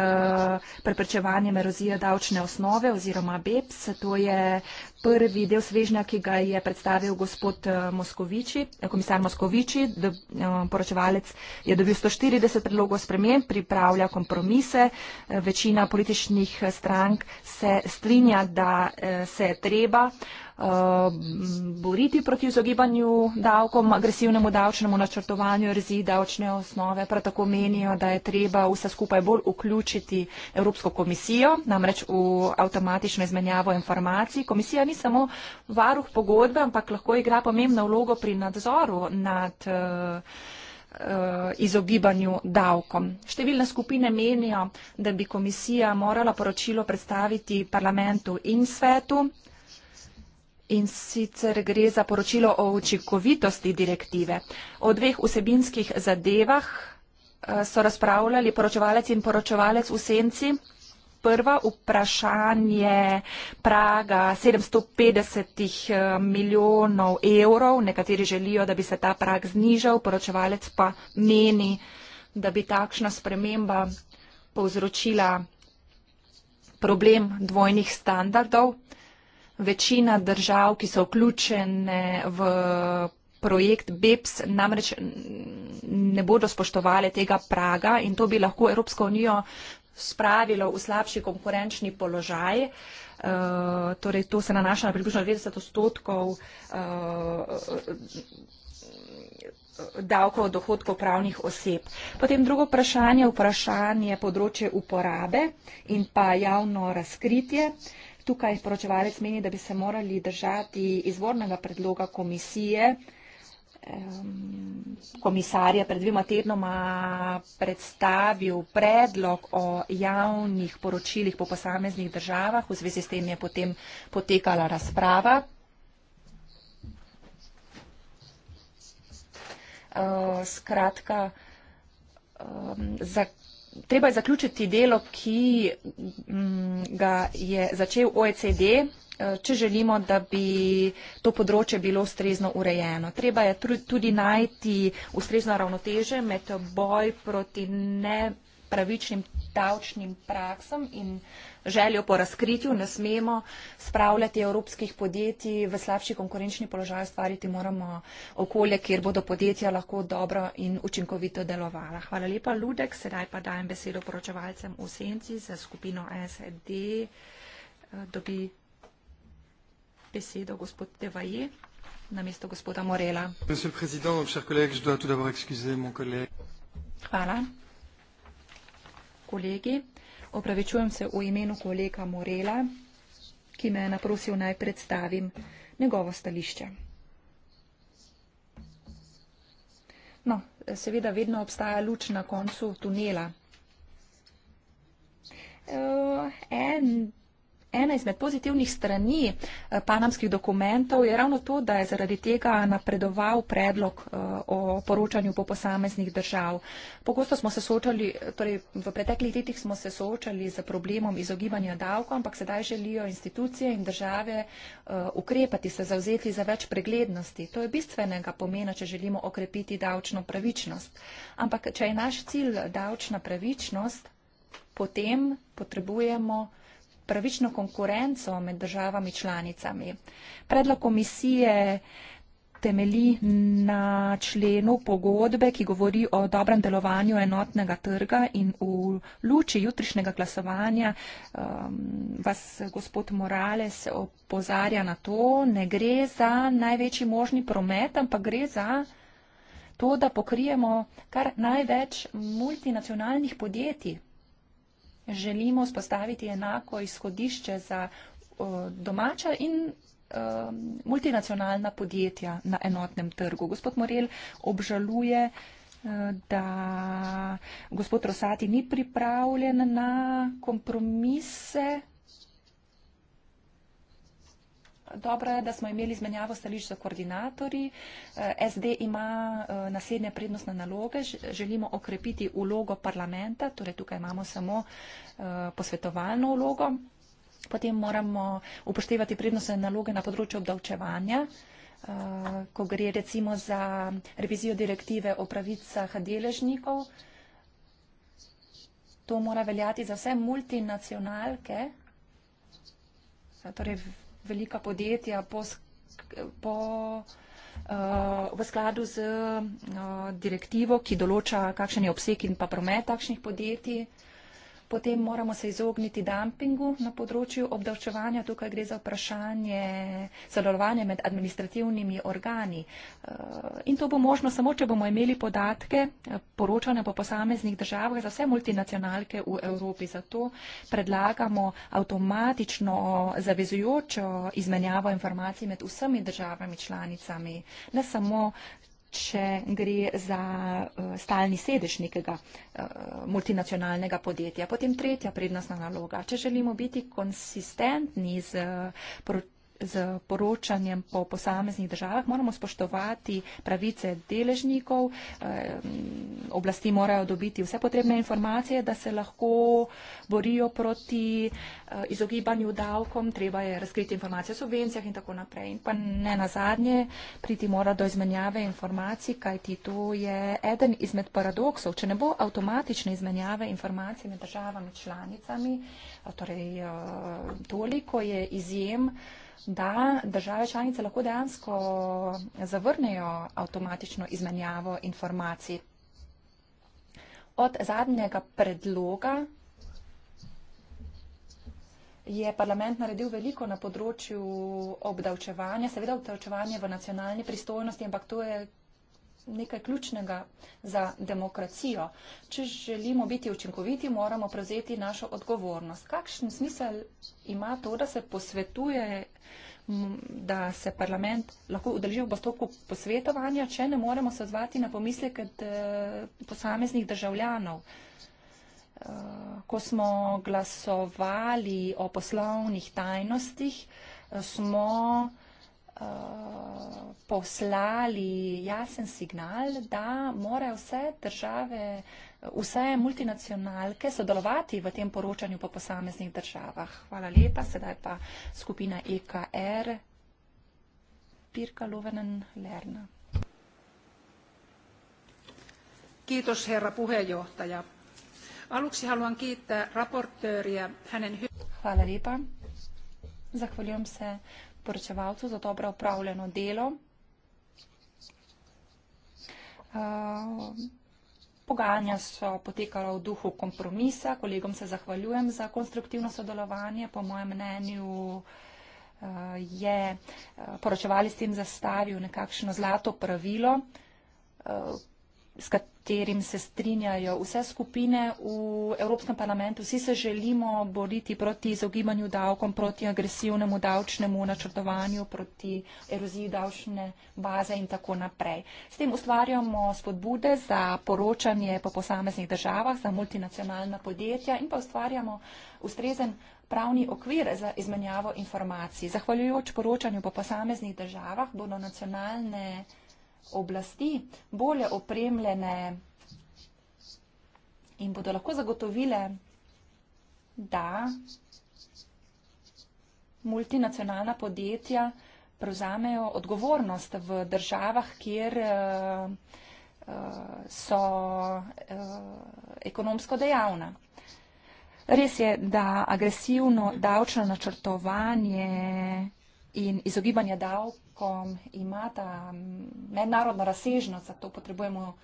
preprečevanjem erozije davčne osnove oziroma BEPS. To je prvi del svežnja, ki ga je predstavil gospod eh, Moskoviči, eh, komisar Moskoviči, eh, poročevalec je dobil 140 predlogov sprememb, pripravlja kompromise. Večina političnih strank se strinja, da se je treba boriti proti izogibanju davkom, agresivnemu davčnemu načrtovanju, rezi davčne osnove. Prav tako menijo, da je treba vse skupaj bolj vključiti Evropsko komisijo, namreč v avtomatično izmenjavo informacij. Komisija ni samo varuh pogodbe, ampak lahko igra pomembno vlogo pri nadzoru nad eh, eh, izogibanju davkom. Številne skupine menijo, da bi komisija morala poročilo predstaviti parlamentu in svetu in sicer gre za poročilo o učinkovitosti direktive. O dveh vsebinskih zadevah eh, so razpravljali poročevalec in poročevalec v senci prva vprašanje praga 750 eh, milijonov evrov. Nekateri želijo, da bi se ta prag znižal, poročevalec pa meni, da bi takšna sprememba povzročila problem dvojnih standardov. Večina držav, ki so vključene v projekt BEPS, namreč ne bodo spoštovali tega praga in to bi lahko Evropsko unijo spravilo v slabši konkurenčni položaj. Uh, torej to se nanaša na približno 90 odstotkov uh, davkov dohodkov pravnih oseb. Potem drugo vprašanje, vprašanje področje uporabe in pa javno razkritje. Tukaj poročevalec meni, da bi se morali držati izvornega predloga komisije, uh, Ehm, komisarja pred dvema tednoma predstavil predlog o javnih poročilih po posameznih državah. V zvezi s tem je potem potekala razprava. Ehm, skratka, ehm, za, treba je zaključiti delo, ki mm, ga je začel OECD. Eh, če želimo, da bi to področje bilo ustrezno urejeno. Treba je tudi najti ustrezno ravnoteže med boj proti nepravičnim davčnim praksam in željo po razkritju. Ne smemo spravljati evropskih podjetij v slabši konkurenčni položaj, ustvariti moramo okolje, kjer bodo podjetja lahko dobro in učinkovito delovala. Hvala lepa, Ludek. Sedaj pa dajem besedo poročevalcem v senci za skupino SED. Eh, dobi besedo gospod Devaje na mesto gospoda Morela. Hvala. Kolegi, opravičujem se v imenu kolega Morela, ki me je naprosil naj predstavim njegovo stališče. No, seveda vedno obstaja luč na koncu tunela. Uh, eh, and ena izmed pozitivnih strani eh, panamskih dokumentov je ravno to, da je zaradi tega napredoval predlog eh, o poročanju po posameznih držav. Pogosto smo se soočali, torej v preteklih letih smo se soočali z problemom izogibanja davko, ampak sedaj želijo institucije in države eh, ukrepati, se zauzeti za več preglednosti. To je bistvenega pomena, če želimo okrepiti davčno pravičnost. Ampak, če je naš cilj davčna pravičnost, potem potrebujemo pravično konkurenco med državami članicami. Predlog komisije temeli na členu pogodbe, ki govori o dobrem delovanju enotnega trga in v luči jutrišnjega glasovanja um, vas gospod Morales opozarja na to, ne gre za največji možni promet, ampak gre za to, da pokrijemo kar največ multinacionalnih podjetij želimo spostaviti enako izhodišče za domača in multinacionalna podjetja na enotnem trgu. Gospod Morel obžaluje, da gospod Rosati ni pripravljen na kompromise dobro je, da smo imeli izmenjavo stališč za koordinatorji. Eh, SD ima eh, naslednje prednostne naloge. Želimo okrepiti ulogo parlamenta, torej tukaj imamo samo eh, posvetovalno ulogo. Potem moramo upoštevati prednostne naloge na področju obdavčevanja. Uh, ko gre recimo za revizijo direktive o pravicah deležnikov, to mora veljati za vse multinacionalke, torej velika podjetja po, po, uh, v skladu z uh, direktivo, ki določa, kakšen je obseg in pa promet takšnih podjetij. Uh, Potem moramo se izogniti dumpingu na področju obdavčevanja. Tukaj gre za vprašanje sodelovanja med administrativnimi organi. Eh, in to bo možno samo, če bomo imeli podatke, eh, poročanja po posameznih državah za vse multinacionalke v Evropi. Zato predlagamo avtomatično zavezujočo izmenjavo informacij med vsemi državami članicami. Ne samo če gre za eh, stalni sedež nekega eh, multinacionalnega podjetja. Potem tretja prednostna naloga. Če želimo biti konsistentni z proti eh, z poročanjem po posameznih državah, moramo spoštovati pravice deležnikov, eh, oblasti morajo dobiti vse potrebne informacije, da se lahko borijo proti eh, izogibanju davkom, treba je razkriti informacije o subvencijah in tako naprej. In pa ne nazadnje, priti mora do izmenjave informacij, kajti to je eden izmed paradoksov. Če ne bo avtomatične izmenjave informacij med državami članicami, eh, torej toliko je izjem, da države članice lahko dejansko zavrnejo avtomatično izmenjavo informacij. Od zadnjega predloga je parlament naredil veliko na področju obdavčevanja, seveda obdavčevanje v nacionalni pristojnosti, ampak to je nekaj ključnega za demokracijo. Če želimo biti učinkoviti, moramo prevzeti našo odgovornost. Kakšen smisel ima to, da se posvetuje, da se parlament lahko udeleži v postopku posvetovanja, če ne moremo se odzvati na pomisleke posameznih državljanov? Eh, ko smo glasovali o poslovnih tajnostih, eh, smo uh, poslali jasen signal, da morajo vse države, vse multinacionalke sodelovati v tem poročanju po posameznih državah. Hvala lepa. Sedaj pa skupina EKR. Pirka Lovenen Lerna. Kiitos herra puheenjohtaja. Aluksi haluan kiittää raportööriä hänen hy- Hvala lepa. Zahvaljujem se poročevalcu za dobro upravljeno delo. Eh, pogajanja so potekala v duhu kompromisa, kolegom se zahvaljujem za konstruktivno sodelovanje. Po mojem mnenju eh, je eh, poročevali s tem zastavil nekakšno zlato pravilo, s katerim se strinjajo vse skupine v Evropskem parlamentu. Vsi se želimo boriti proti izogibanju davkom, proti agresivnemu davčnemu načrtovanju, proti eroziji davčne baze in tako naprej. S tem ustvarjamo spodbude za poročanje po posameznih državah, za multinacionalna podjetja in pa ustvarjamo ustrezen pravni okvir za izmenjavo informacij. Zahvaljujoč poročanju po posameznih državah bodo nacionalne oblasti, bolje opremljene in bodo lahko zagotovile, da multinacionalna podjetja prevzamejo odgovornost v državah, kjer eh, eh, so eh, ekonomsko dejavna. Res je, da agresivno davčno načrtovanje in izogibanje davk jezikom imata mednarodno razsežnost, zato potrebujemo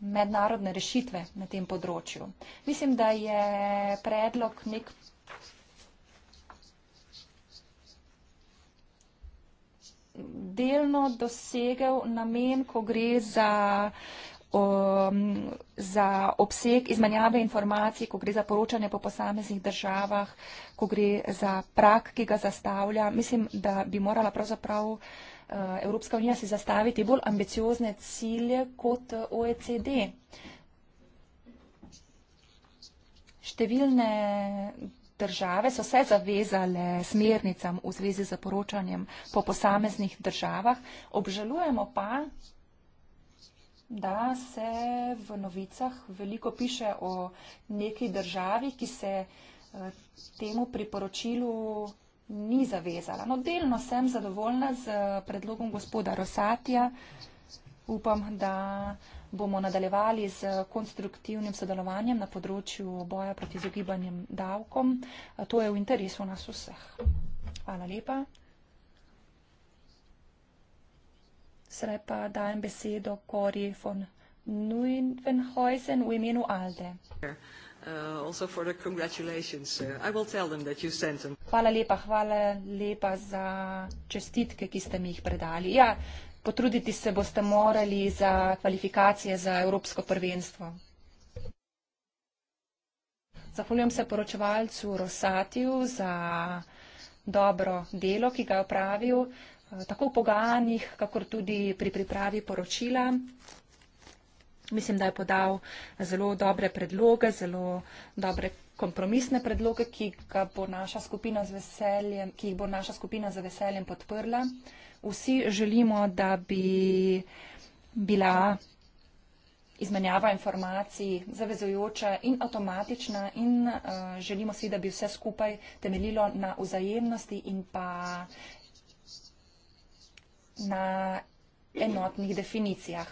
mednarodne rešitve na tem področju. Mislim, da je predlog nek. delno dosegel namen, ko gre za Um, za obseg izmenjave informacij, ko gre za poročanje po posameznih državah, ko gre za prak, ki ga zastavlja. Mislim, da bi morala pravzaprav uh, Evropska unija si zastaviti bolj ambiciozne cilje kot uh, OECD. Številne države so se zavezale smernicam v zvezi z poročanjem po posameznih državah. Obžalujemo pa, da se v novicah veliko piše o neki državi, ki se eh, temu priporočilu ni zavezala. No, delno sem zadovoljna z eh, predlogom gospoda Rosatija. Upam, da bomo nadaljevali z eh, konstruktivnim sodelovanjem na področju boja proti zogibanjem davkom. To je v interesu nas vseh. Hvala lepa. Sedaj pa dajem besedo Kori von Nuinvenhuizen v imenu ALDE. Uh, hvala lepa, hvala lepa za čestitke, ki ste mi jih predali. Ja, potruditi se boste morali za kvalifikacije za Evropsko prvenstvo. Zahvaljujem se poročevalcu Rosatiju za dobro delo, ki ga je opravil. Eh, tako v pogajanjih, kakor tudi pri pripravi poročila. Mislim, da je podal zelo dobre predloge, zelo dobre kompromisne predloge, ki, veseljem, ki jih bo naša skupina z veseljem podprla. Vsi želimo, da bi bila izmenjava informacij zavezujoča in avtomatična in uh, želimo si, da bi vse skupaj temeljilo na vzajemnosti in pa na enotnih definicijah.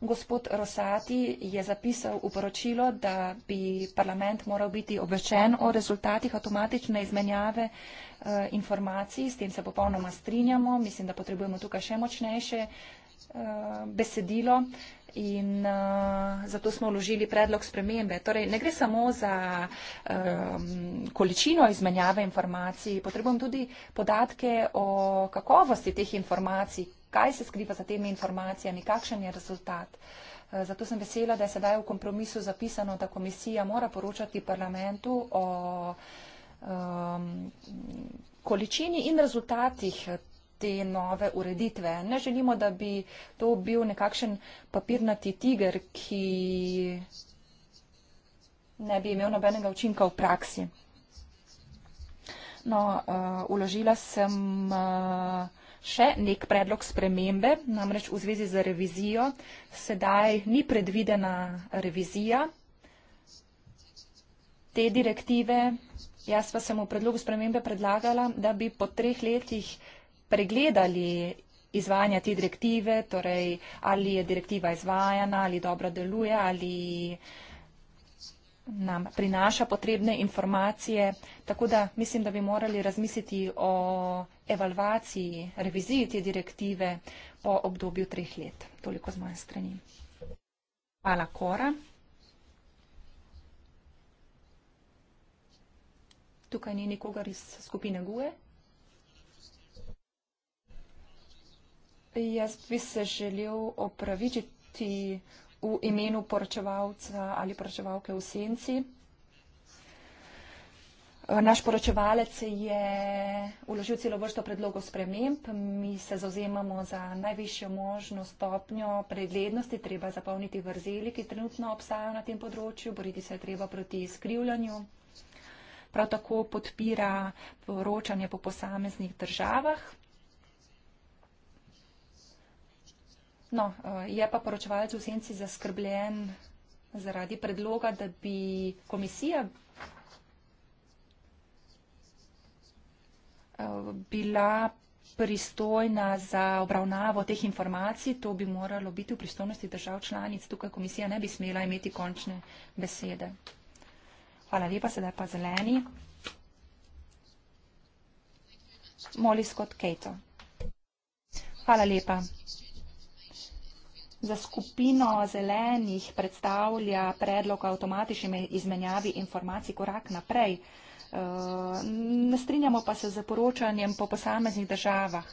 Gospod Rosati je zapisal v poročilo, da bi parlament moral biti obveščen o rezultatih avtomatične izmenjave eh, informacij. S tem se popolnoma strinjamo. Mislim, da potrebujemo tukaj še močnejše eh, besedilo. Eh, in uh, zato smo vložili predlog spremembe. Torej, ne gre samo za um, količino izmenjave informacij, potrebujem tudi podatke o kakovosti teh informacij, kaj se skriva za temi informacijami, kakšen je rezultat. Eh, zato sem vesela, da je sedaj v kompromisu zapisano, da komisija mora poročati parlamentu o um, količini in rezultatih te nove ureditve. Ne želimo, da bi to bil nekakšen papirnati tiger, ki ne bi imel nobenega učinka v praksi. No, uh, uložila sem uh, še nek predlog spremembe, namreč v zvezi z revizijo. Sedaj ni predvidena revizija te direktive. Jaz pa sem v predlogu spremembe predlagala, da bi po treh letih uh, pregledali izvajanje te direktive, torej ali je direktiva izvajana, ali dobro deluje, ali nam prinaša potrebne informacije. Tako da mislim, da bi morali razmisliti o evalvaciji, reviziji te direktive po obdobju treh let. Toliko z moje strani. Hvala, Kora. Tukaj ni nikogar iz skupine GUE. Jaz bi se želel opravičiti v imenu poročevalca ali poročevalke v senci. Naš poročevalec je uložil celo vrsto predlogov sprememb. Mi se zauzemamo za najvišjo možno stopnjo preglednosti. Treba zapolniti vrzeli, ki trenutno obstajajo na tem področju. Boriti se je treba proti skrivljanju. Prav tako podpira poročanje po posameznih državah. No, eh, je pa poročevalec v senci zaskrbljen zaradi predloga, da bi komisija eh, bila pristojna za obravnavo teh informacij. To bi moralo biti v pristojnosti držav članic. Tukaj komisija ne bi smela imeti končne besede. Hvala lepa, sedaj pa zeleni. Molly Scott Cato. Hvala lepa. Za skupino zelenih predstavlja predlog avtomatične izmenjavi informacij korak naprej. Eh, ne strinjamo pa se z poročanjem po posameznih državah.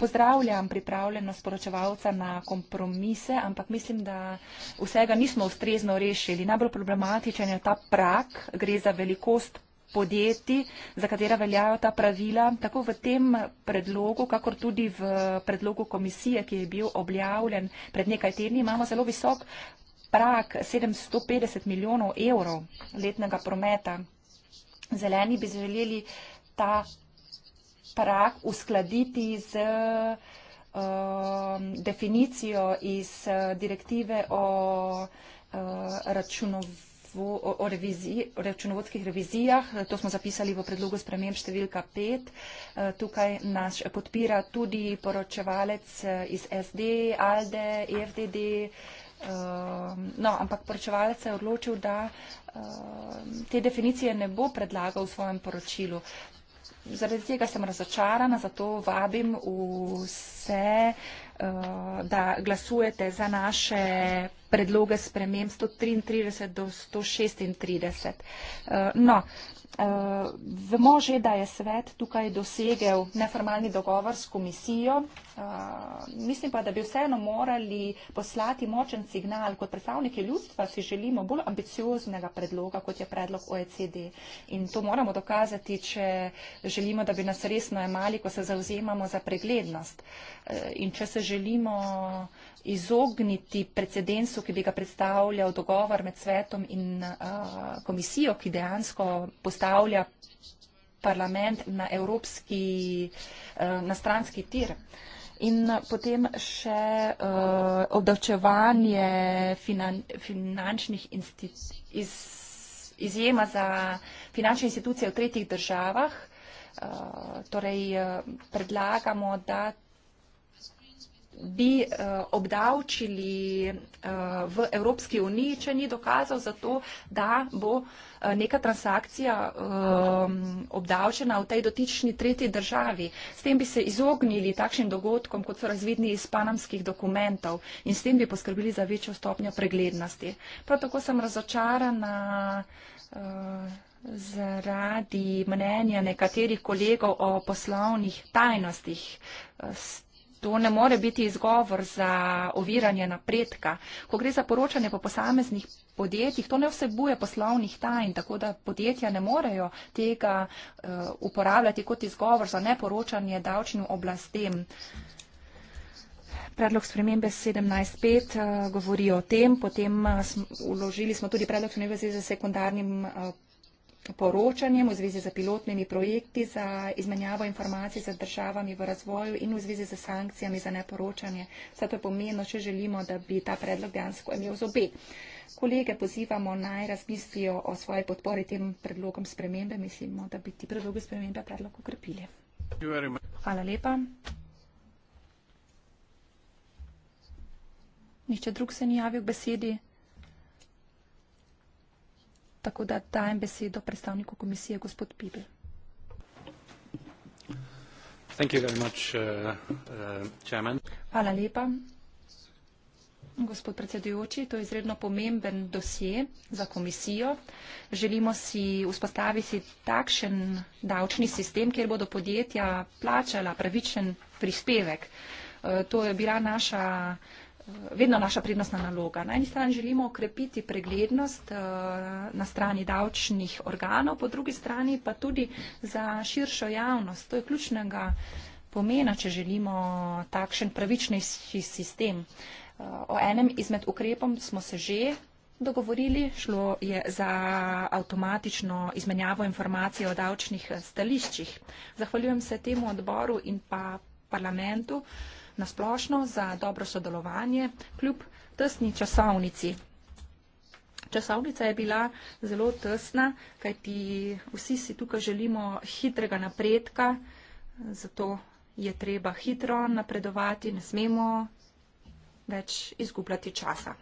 Pozdravljam pripravljenost poročevalca na kompromise, ampak mislim, da vsega nismo ustrezno rešili. Najbolj problematičen je ta prak, gre za velikost podjetij, za katera veljajo ta pravila, tako v tem predlogu, kakor tudi v predlogu komisije, ki je bil objavljen pred nekaj tedni, imamo zelo visok prak 750 milijonov evrov letnega prometa. Zeleni bi želeli ta prak uskladiti z uh, definicijo iz uh, direktive o uh, računovodstvu računovodstvu, o, o, reviziji, o računovodskih revizijah. To smo zapisali v predlogu sprememb številka 5. Eh, tukaj nas podpira tudi poročevalec eh, iz SD, ALDE, EFDD. Eh, no, ampak poročevalec se je odločil, da te definicije ne bo predlagal v svojem poročilu. Zaradi tega sem razočarana, zato vabim vse uh, Eh, da glasujete za naše predloge sprememb 133 do 136. Eh, no, Eh, vemo že, da je svet tukaj dosegel neformalni dogovor s komisijo. Eh, mislim pa, da bi vseeno morali poslati močen signal. Kot predstavniki ljudstva si želimo bolj ambicioznega predloga, kot je predlog OECD. In to moramo dokazati, če želimo, da bi nas resno imali, ko se zauzemamo za preglednost. Eh, in če se želimo izogniti precedensu, ki bi ga predstavljal dogovor med svetom in komisijo, ki dejansko postavlja postavlja parlament na evropski, eh, na stranski tir. In eh, potem še uh, obdavčevanje finan, finančnih institucij, iz, izjema za finančne institucije v tretjih državah. Uh, torej, uh, predlagamo, da bi uh, obdavčili uh, v Evropski uniji, če ni dokazal za to, da bo uh, neka transakcija um, obdavčena v tej dotični tretji državi. S tem bi se izognili takšnim dogodkom, kot so razvidni iz panamskih dokumentov in s tem bi poskrbili za večjo stopnjo preglednosti. Prav tako sem razočarana. Uh, zaradi mnenja nekaterih kolegov o poslovnih tajnostih. Uh, To ne more biti izgovor za oviranje napredka. Ko gre za poročanje po posameznih podjetjih, to ne vsebuje poslovnih tajn, tako da podjetja ne morejo tega uh, uporabljati kot izgovor za neporočanje davčnim oblastem. Predlog spremembe 17.5 eh, govori o tem, potem eh, smo, uložili smo tudi predlog spremembe z sekundarnim uh, poročanjem v zvezi z pilotnimi projekti za izmenjavo informacij z državami v razvoju in v zvezi z sankcijami za neporočanje. Vse to je pomenilo, če želimo, da bi ta predlog dejansko imel zobe. Kolege pozivamo naj razmislijo o svoji podpori tem predlogom spremembe. Mislimo, da bi ti predlogi spremembe predlog ukrepili. Hvala lepa. Nihče drug se ni javil k besedi. Tako da dajem besedo predstavniku komisije, gospod Pibel. Thank you very much, uh, uh, chairman. Hvala lepa. Gospod predsedujoči, to je izredno pomemben dosje za komisijo. Želimo si vzpostaviti takšen davčni sistem, kjer bodo podjetja plačala pravičen prispevek. Uh, to je bila naša vedno naša prednostna naloga. Na eni strani želimo okrepiti preglednost eh, na strani davčnih organov, po drugi strani pa tudi za širšo javnost. To je ključnega pomena, če želimo takšen pravičnejši sistem. Eh, o enem izmed ukrepom smo se že dogovorili, šlo je za avtomatično izmenjavo informacij o davčnih stališčih. Zahvaljujem se temu odboru in pa parlamentu nasplošno za dobro sodelovanje kljub tesni časovnici. Časovnica je bila zelo tesna, kajti vsi si tukaj želimo hitrega napredka, zato je treba hitro napredovati, ne smemo več izgubljati časa.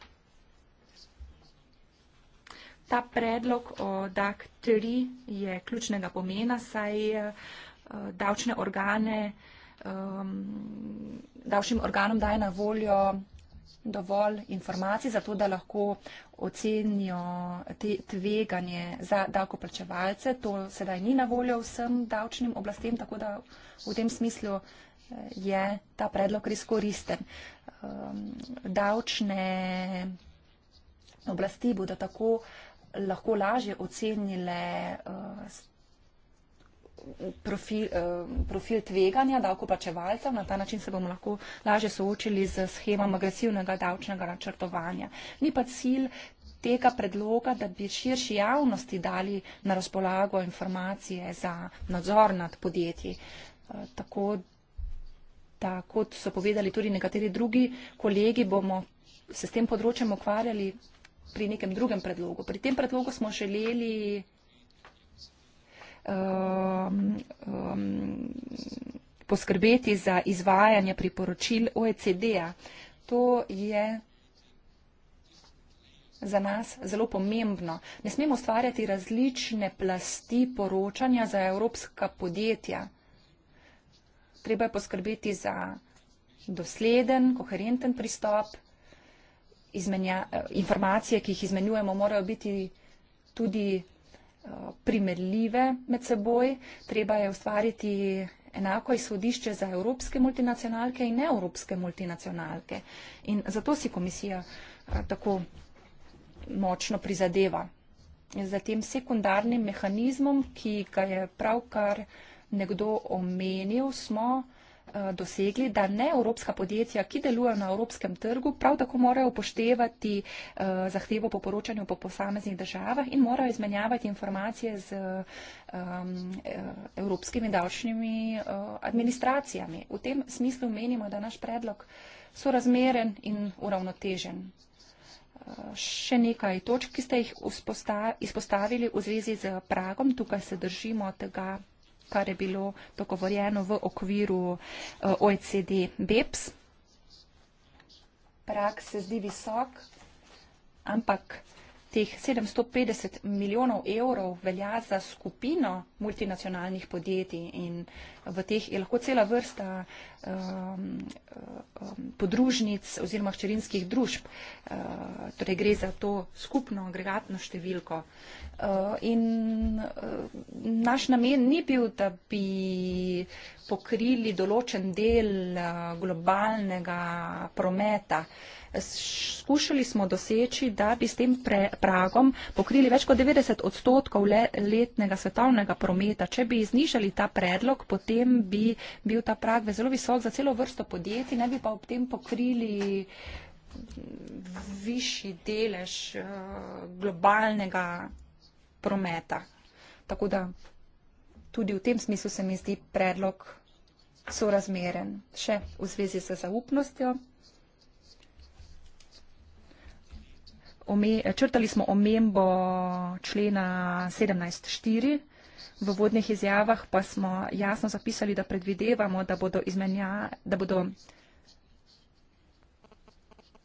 Ta predlog o DAC-3 je ključnega pomena, saj eh, davčne organe um, davšnjim organom daje na voljo dovolj informacij za to, da lahko ocenijo te tveganje za davkoplačevalce. To sedaj ni na voljo vsem davčnim oblastem, tako da v tem smislu eh, je ta predlog res koristen. Um, davčne oblasti bodo tako lahko lažje ocenile uh, profil, eh, profil tveganja davkoplačevalcev, na ta način se bomo lahko lažje soočili z schemam agresivnega davčnega načrtovanja. Ni pa cilj tega predloga, da bi širši javnosti dali na razpolago informacije za nadzor nad podjetji. Eh, tako, da, kot so povedali tudi nekateri drugi kolegi, bomo se s tem področjem ukvarjali pri nekem drugem predlogu. Pri tem predlogu smo želeli um, um, poskrbeti za izvajanje priporočil OECD-a. To je za nas zelo pomembno. Ne smemo ustvarjati različne plasti poročanja za evropska podjetja. Treba je poskrbeti za dosleden, koherenten pristop. Izmenja, eh, informacije, ki jih izmenjujemo, morajo biti tudi Eh, primerljive med seboj. Treba je ustvariti enako izhodišče za evropske multinacionalke in neevropske multinacionalke. In zato si komisija eh, tako močno prizadeva. Za tem sekundarnim mehanizmom, ki ga je pravkar nekdo omenil, smo Eh, dosegli, da ne evropska podjetja, ki delujejo na evropskem trgu, prav tako morajo upoštevati eh, zahtevo po poročanju po posameznih državah in morajo izmenjavati informacije z um, evropskimi davčnimi administracijami. V tem smislu menimo, da naš predlog so razmeren in uravnotežen. Še nekaj točk, ki ste jih izpostavili v zvezi z pragom, tukaj se držimo tega kar je bilo dogovorjeno v okviru eh, OECD BEPS. Prak se zdi visok, ampak teh 750 milijonov evrov velja za skupino multinacionalnih podjetij in v teh je lahko cela vrsta um, um, podružnic oziroma hčerinskih družb. Uh, torej gre za to skupno agregatno številko. Uh, in uh, naš namen ni bil, da bi pokrili določen del uh, globalnega prometa. Uh, skušali smo doseči, da bi s tem pre, pragom pokrili več kot 90 odstotkov le, letnega svetovnega prometa. Če bi znižali ta predlog, potem bi bil ta prag zelo visok za celo vrsto podjetij, ne bi pa ob tem pokrili višji delež uh, globalnega prometa. Tako da tudi v tem smislu se mi zdi predlog sorazmeren. Še v zvezi z zaupnostjo. ome, črtali smo omembo člena 17.4 v vodnih izjavah, pa smo jasno zapisali, da predvidevamo, da bodo izmenja, da bodo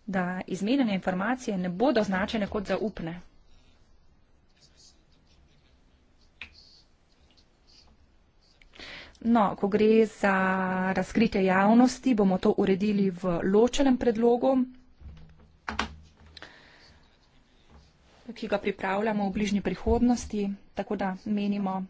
da izmenjene informacije ne bodo značene kot zaupne. No, ko gre za razkritje javnosti, bomo to uredili v ločenem predlogu. ki ga pripravljamo v bližnji prihodnosti, tako da menimo,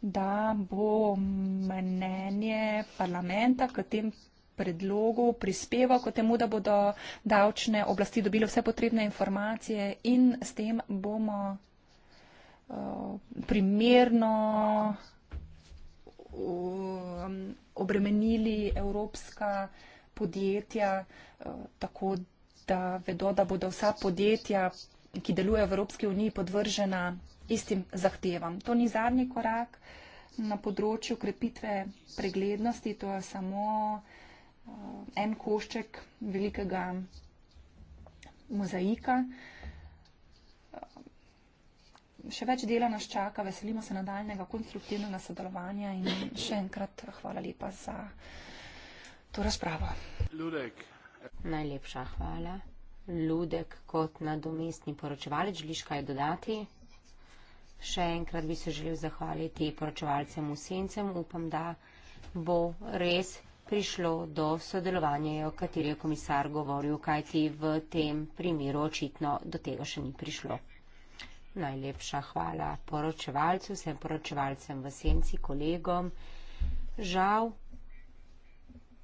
da bo mnenje parlamenta k tem predlogu prispeval k temu, da bodo davčne oblasti dobile vse potrebne informacije in s tem bomo uh, primerno uh, obremenili evropska podjetja, eh, tako da vedo, da bodo vsa podjetja, ki delujejo v Evropski uniji, podvržena istim zahtevam. To ni zadnji korak na področju krepitve preglednosti, to je samo eh, en košček velikega mozaika. Eh, še več dela nas čaka, veselimo se nadaljnega konstruktivnega sodelovanja in še enkrat hvala lepa za to razpravo. Ludek. Najlepša hvala. Ludek kot nadomestni poročevalec, želiš kaj dodati? Še enkrat bi se želel zahvaliti poročevalcem v Sencem. Upam, da bo res prišlo do sodelovanja, o kateri je komisar govoril, kajti v tem primeru očitno do tega še ni prišlo. Najlepša hvala poročevalcu, vsem poročevalcem v Senci, kolegom. Žal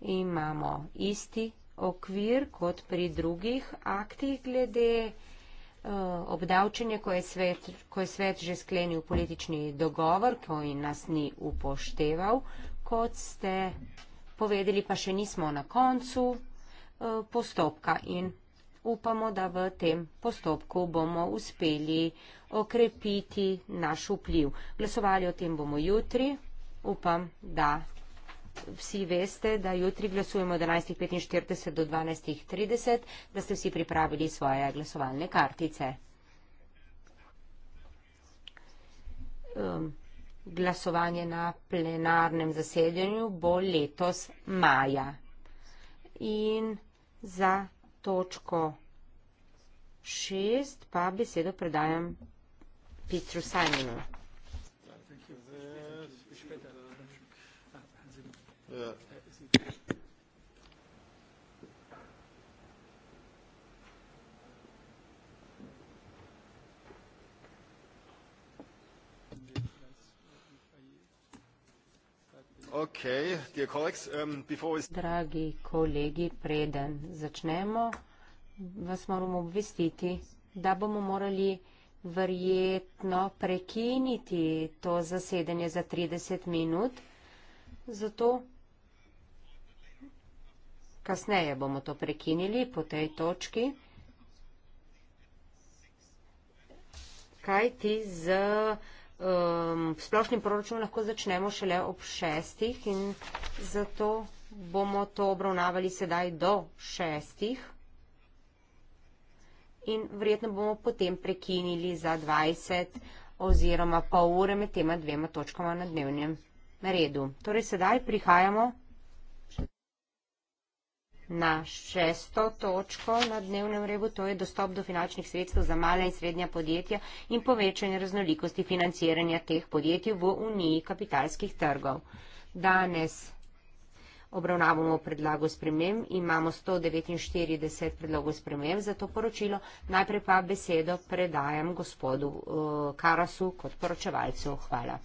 imamo isti okvir kot pri drugih aktih glede eh, obdavčenja, ko, ko je svet že sklenil politični dogovor, ko je nas ni upošteval, kot ste povedali, pa še nismo na koncu eh, postopka in upamo, da v tem postopku bomo uspeli okrepiti naš vpliv. Glasovali o tem bomo jutri, upam, da vsi veste, da jutri glasujemo od 11.45 do 12.30, da ste vsi pripravili svoje glasovalne kartice. Glasovanje na plenarnem zasedanju bo letos maja. In za točko šest pa besedo predajam Petru Simonu. Okay, dear colleagues, um, before we... Dragi kolegi, preden začnemo, vas moramo obvestiti, da bomo morali verjetno prekiniti to zasedanje za 30 minut. Zato Kasneje bomo to prekinili po tej točki. Kaj ti z um, splošnim proračunom lahko začnemo šele ob šestih in zato bomo to obravnavali sedaj do šestih in verjetno bomo potem prekinili za 20 oziroma pol ure med tema dvema točkama na dnevnem redu. Torej sedaj prihajamo na šesto točko na dnevnem revu, to je dostop do finančnih sredstev za mala in srednja podjetja in povečanje raznolikosti financiranja teh podjetij v Uniji kapitalskih trgov. Danes obravnavamo predlago spremem, imamo 149 predlogov spremem za to poročilo, najprej pa besedo predajam gospodu uh, Karasu kot poročevalcu. Hvala.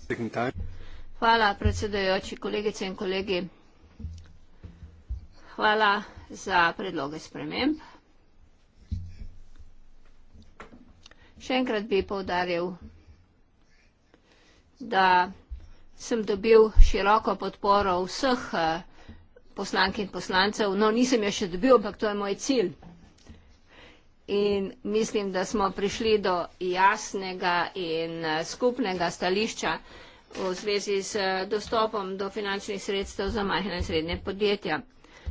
Hvala, predsedujoči, kolegice in kolegi. Hvala za predloge sprememb. Še enkrat bi povdaril, da sem dobil široko podporo vseh eh, poslank in poslancev. No, nisem jo še dobil, ampak to je moj cilj. In mislim, da smo prišli do jasnega in eh, skupnega stališča v zvezi z eh, dostopom do finančnih sredstev za majhne in srednje podjetja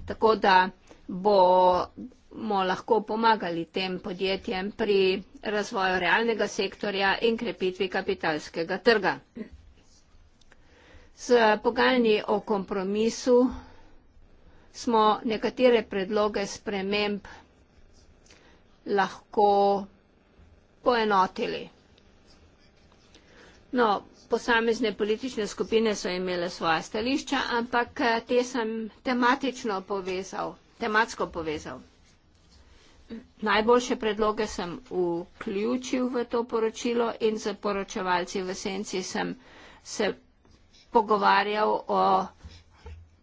tako da bomo lahko pomagali tem podjetjem pri razvoju realnega sektorja in krepitvi kapitalskega trga. Z pogajanji o kompromisu smo nekatere predloge sprememb lahko poenotili. No, posamezne politične skupine so imele svoja stališča, ampak eh, te sem tematično povezal, tematsko povezal. Najboljše predloge sem vključil v to poročilo in z poročevalci v senci sem se pogovarjal o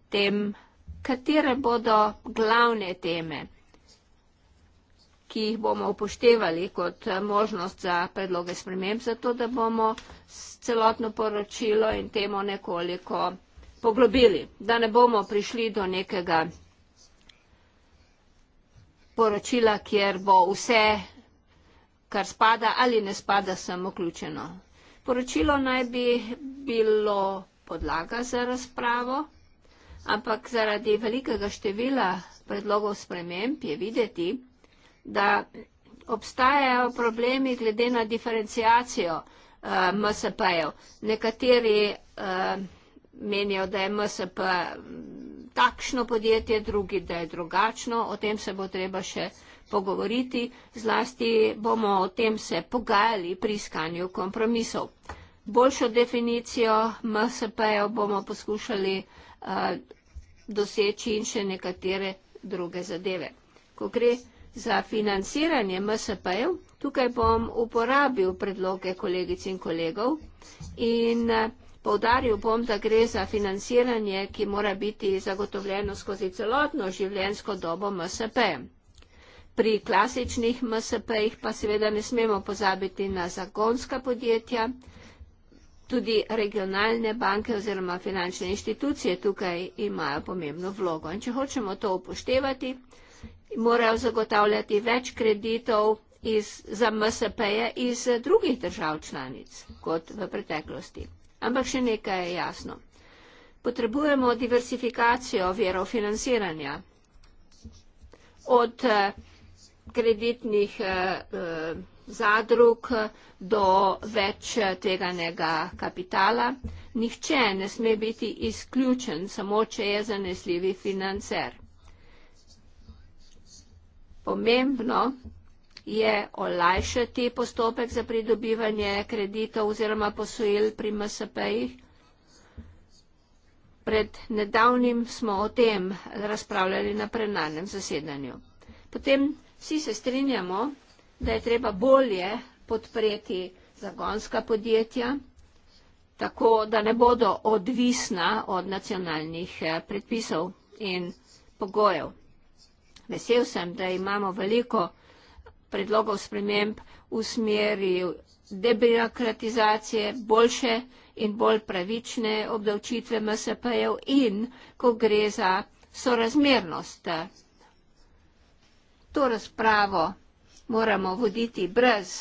tem, katere bodo glavne teme ki jih bomo upoštevali kot eh, možnost za predloge sprememb, zato da bomo celotno poročilo in temo nekoliko poglobili, da ne bomo prišli do nekega poročila, kjer bo vse, kar spada ali ne spada, samo vključeno. Poročilo naj bi bilo podlaga za razpravo, ampak zaradi velikega števila predlogov sprememb je videti, da obstajajo problemi glede na diferencijacijo uh, eh, MSP-jev. Nekateri uh, menijo, da je MSP takšno podjetje, drugi, da je drugačno. O tem se bo treba še pogovoriti. Zlasti bomo o tem se pogajali pri iskanju kompromisov. Boljšo definicijo MSP-jev bomo poskušali uh, doseči in še nekatere druge zadeve. Ko gre za financiranje MSP-jev, tukaj bom uporabil predloge kolegic in kolegov in eh, poudaril bom, da gre za financiranje, ki mora biti zagotovljeno skozi celotno življenjsko dobo MSP. Pri klasičnih MSP-jih pa seveda ne smemo pozabiti na zagonska podjetja, tudi regionalne banke oziroma finančne inštitucije tukaj imajo pomembno vlogo. In če hočemo to upoštevati, morajo zagotavljati več kreditov iz, za MSP-je iz eh, drugih držav članic kot v preteklosti. Ampak še nekaj je jasno. Potrebujemo diversifikacijo verov financiranja od eh, kreditnih eh, zadrug do več tveganega kapitala. Nihče ne sme biti izključen, samo če je zanesljivi financer pomembno je olajšati postopek za pridobivanje kreditov oziroma posojil pri MSP-jih. Pred nedavnim smo o tem razpravljali na plenarnem zasedanju. Potem vsi se strinjamo, da je treba bolje podpreti zagonska podjetja, tako da ne bodo odvisna od nacionalnih eh, predpisov in pogojev. Vesel sem, da imamo veliko predlogov sprememb v smeri debirokratizacije, boljše in bolj pravične obdavčitve MSP-jev in ko gre za sorazmernost. To razpravo moramo voditi brez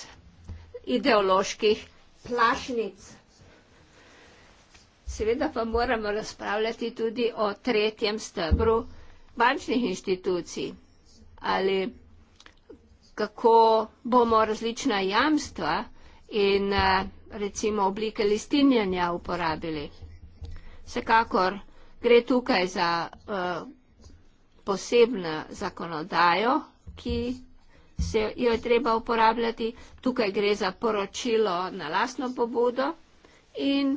ideoloških plašnic. Seveda pa moramo razpravljati tudi o tretjem stebru bančnih inštitucij ali kako bomo različna jamstva in eh, recimo oblike listinjanja uporabili. Vsekakor gre tukaj za eh, posebno zakonodajo, ki se jo je treba uporabljati. Tukaj gre za poročilo na lasno pobudo in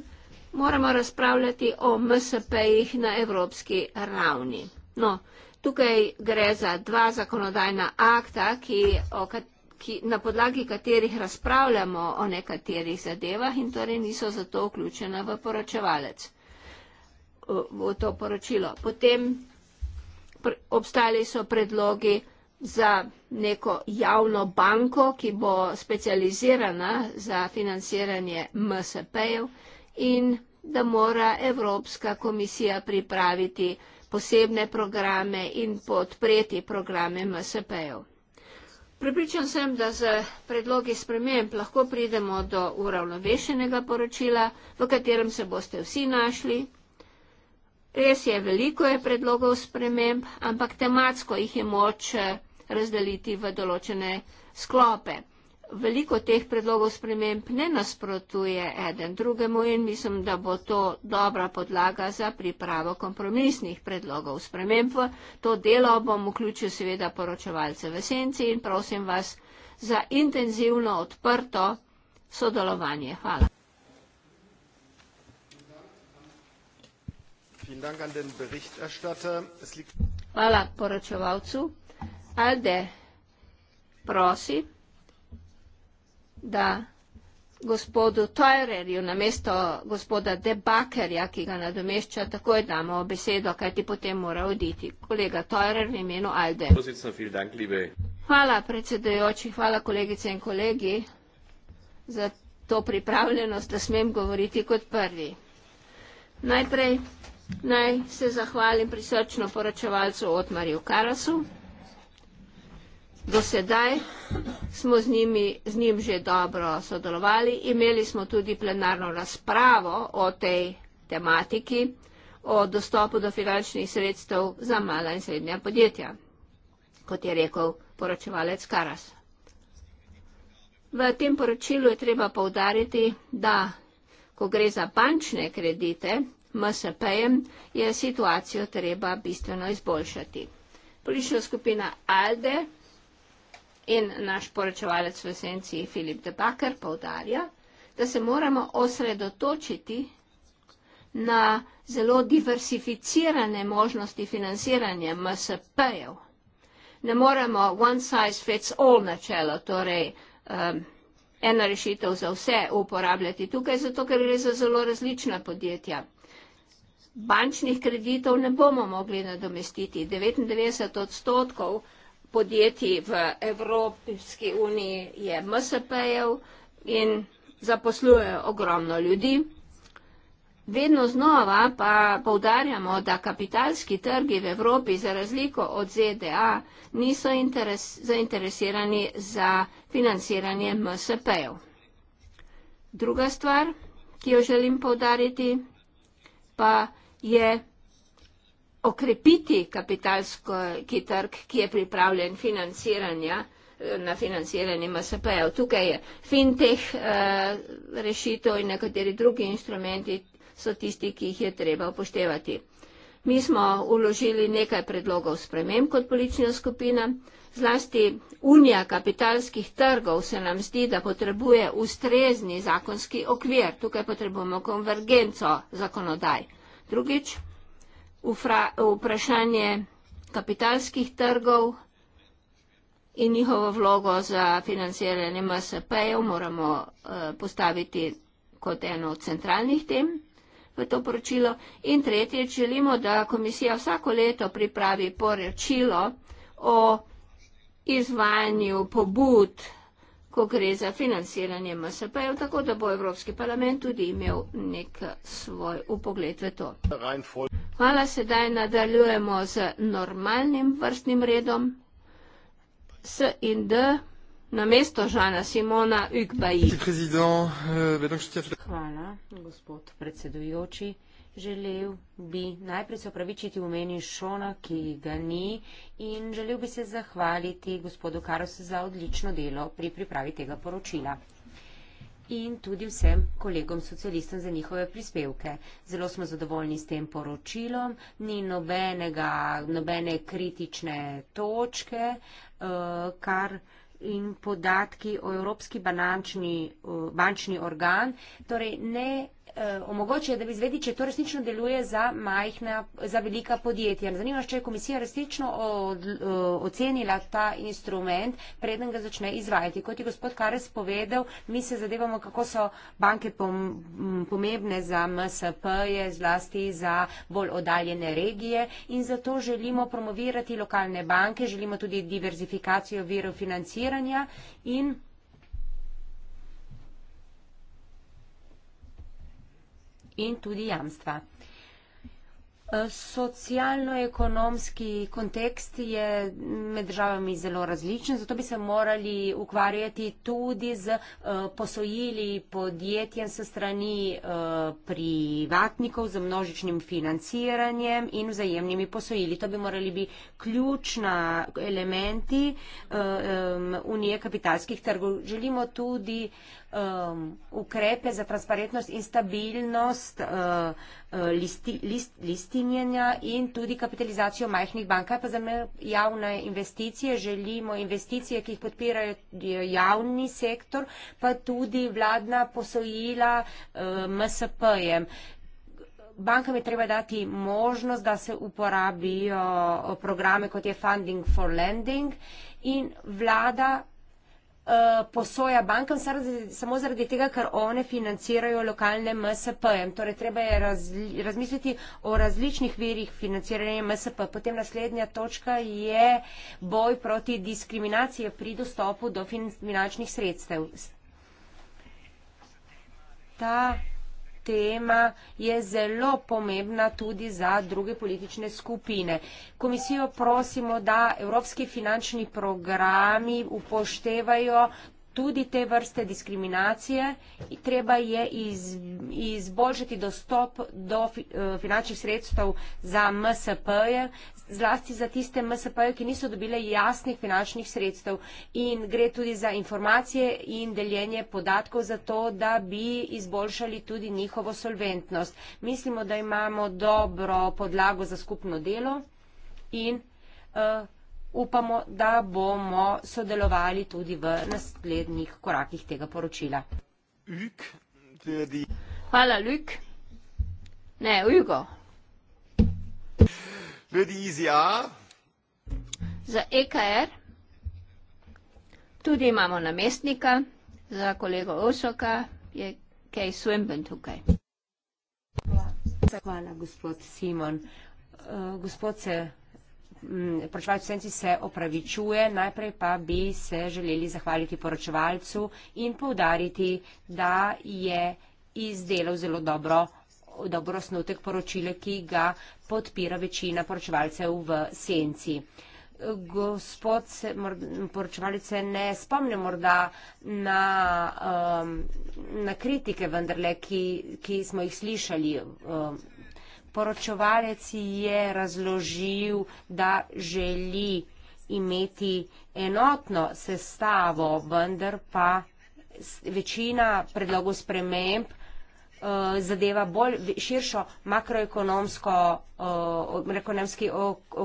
moramo razpravljati o MSP-jih na evropski ravni. No, Tukaj gre za dva zakonodajna akta, ki, kat, ki, na podlagi katerih razpravljamo o nekaterih zadevah in torej niso zato vključena v poročevalec, v, v to poročilo. Potem pre, obstali so predlogi za neko javno banko, ki bo specializirana za financiranje MSP-jev in da mora Evropska komisija pripraviti posebne programe in podpreti programe MSP-jev. Pripričan sem, da z predlogi sprememb lahko pridemo do uravnovešenega poročila, v katerem se boste vsi našli. Res je, veliko je predlogov sprememb, ampak tematsko jih je moč eh, razdeliti v določene sklope veliko teh predlogov sprememb ne nasprotuje eden drugemu in mislim, da bo to dobra podlaga za pripravo kompromisnih predlogov sprememb. To delo bom vključil seveda poročevalce v senci in prosim vas za intenzivno odprto sodelovanje. Hvala. Hvala poročevalcu. Alde, prosi da gospodu Toirerju na mesto gospoda Debakerja, ki ga nadomešča, takoj damo besedo, kaj ti potem mora oditi. Kolega Toirer v imenu Alde. Hvala predsedojoči, hvala kolegice in kolegi za to pripravljenost, da smem govoriti kot prvi. Najprej naj se zahvalim prisrčno poročevalcu Otmarju Karasu. Do sedaj smo z, njimi, z njim že dobro sodelovali, imeli smo tudi plenarno razpravo o tej tematiki, o dostopu do finančnih sredstev za mala in srednja podjetja, kot je rekel poročevalec Karas. V tem poročilu je treba povdariti, da ko gre za bančne kredite MSP-jem, je situacijo treba bistveno izboljšati. Politična skupina ALDE In naš poročevalec v esenciji Filip de Baker povdarja, da se moramo osredotočiti na zelo diversificirane možnosti financiranja MSP-jev. Ne moremo one size fits all načelo, torej um, ena rešitev za vse uporabljati tukaj, zato ker gre za zelo različna podjetja. Bančnih kreditov ne bomo mogli nadomestiti. 99 odstotkov podjetij v Evropski uniji je MSP-jev in zaposlujejo ogromno ljudi. Vedno znova pa povdarjamo, da kapitalski trgi v Evropi za razliko od ZDA niso interes, zainteresirani za financiranje MSP-jev. Druga stvar, ki jo želim povdariti, pa je okrepiti kapitalski trg, ki je pripravljen financiranja eh, na financiranje MSP-jev. Tukaj je fintech eh, rešitev in nekateri drugi instrumenti so tisti, ki jih je treba upoštevati. Mi smo uložili nekaj predlogov sprememb kot politična skupina. Zlasti unija kapitalskih trgov se nam zdi, da potrebuje ustrezni zakonski okvir. Tukaj potrebujemo konvergenco zakonodaj. Drugič, vprašanje kapitalskih trgov in njihovo vlogo za financiranje MSP-jev moramo eh, postaviti kot eno od centralnih tem v to poročilo. In tretjič, želimo, da komisija vsako leto pripravi poročilo o izvajanju pobud ko gre za financiranje MSP-jev, tako da bo Evropski parlament tudi imel nek svoj upogled v to. Hvala, sedaj nadaljujemo z normalnim vrstnim redom. S in D na mesto Žana Simona Ukbaji. Hvala, gospod predsedujoči. Želel bi najprej se opravičiti v meni Šona, ki ga ni, in želel bi se zahvaliti gospodu Karosu za odlično delo pri pripravi tega poročila. In tudi vsem kolegom socialistom za njihove prispevke. Zelo smo zadovoljni s tem poročilom, ni nobenega, nobene kritične točke, eh, kar in podatki o Evropski banančni, eh, bančni organ, torej ne Eh, omogočijo, da bi izvedi, če to resnično deluje za majhna, za velika podjetja. Zanima me, če je komisija resnično eh, ocenila ta instrument, preden ga začne izvajati. Kot je gospod Kares povedal, mi se zadevamo, kako so banke pomembne za MSP-je, zlasti za bolj oddaljene regije in zato želimo promovirati lokalne banke, želimo tudi diverzifikacijo virov financiranja in in tudi jamstva. E, socialno-ekonomski kontekst je med državami zelo različen, zato bi se morali ukvarjati tudi z e, posojili podjetjem s strani e, privatnikov z množičnim financiranjem in vzajemnimi posojili. To bi morali biti ključna elementi Unije kapitalskih trgov. Želimo tudi uh, um, ukrepe za transparentnost in stabilnost uh, uh, listi, list, listinjenja in tudi kapitalizacijo majhnih bank. Kaj pa za javne investicije? Želimo investicije, ki jih podpirajo javni sektor, pa tudi vladna posojila uh, MSP-jem. Bankam je treba dati možnost, da se uporabijo programe, kot je Funding for Lending in vlada Eh, posoja bankam samo zaradi tega, ker one financirajo lokalne MSP-je. Torej, treba je razmisliti o različnih virih financiranja MSP. Potem naslednja točka je boj proti diskriminaciji pri dostopu do finančnih sredstev. Ta tema je zelo pomembna tudi za druge politične skupine. Komisijo prosimo, da evropski finančni programi upoštevajo tudi te vrste diskriminacije. Treba je iz, izboljšati dostop do eh, finančnih sredstev za MSP-je, zlasti za tiste MSP-je, ki niso dobile jasnih finančnih sredstev. In gre tudi za informacije in deljenje podatkov za to, da bi izboljšali tudi njihovo solventnost. Mislimo, da imamo dobro podlago za skupno delo in uh, upamo, da bomo sodelovali tudi v naslednjih korakih tega poročila. Hvala, Luk. Ne, Ugo. Za EKR tudi imamo namestnika, za kolego Osoka je Kej Swimben tukaj. Hvala, gospod Simon. Uh, gospod se poročevalcu senci se opravičuje, najprej pa bi se želeli zahvaliti poročevalcu in povdariti, da je izdelal zelo dobro, dobro osnutek poročila, ki ga podpira večina poročevalcev v senci. Gospod se, mor, poročevalice ne spomne morda na, um, na kritike, vendarle, ki, ki smo jih slišali. Um, poročevalec je razložil, da želi imeti enotno sestavo, vendar pa večina predlogov sprememb eh, zadeva bolj širšo makroekonomsko eh,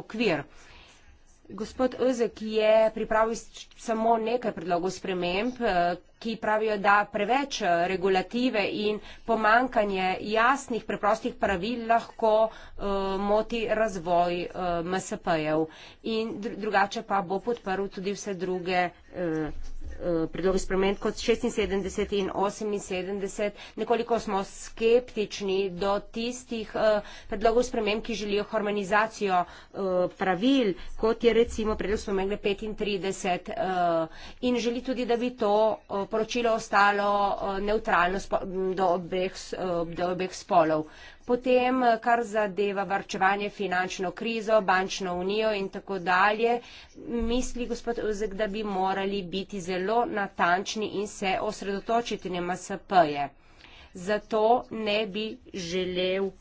okvir. Gospod Özek je pripravil samo nekaj predlogov sprememb, eh, ki pravijo, da preveč eh, regulative in pomankanje jasnih, preprostih pravil lahko eh, moti razvoj MSP-jev. In drugače pa bo podprl tudi vse druge Eh, predlogi spremenb kot 76 in 78. Nekoliko smo skeptični do tistih eh, predlogov sprememb, ki želijo harmonizacijo eh, pravil, kot je recimo predlog spremembe 35 in želi tudi, da bi to poročilo ostalo neutralno do obeh spolov. Potem, eh, kar zadeva varčevanje, finančno krizo, bančno unijo in tako dalje, misli gospod Ozek, da bi morali biti zelo natančni in se osredotočiti na MSP-je. Zato ne bi želel uh,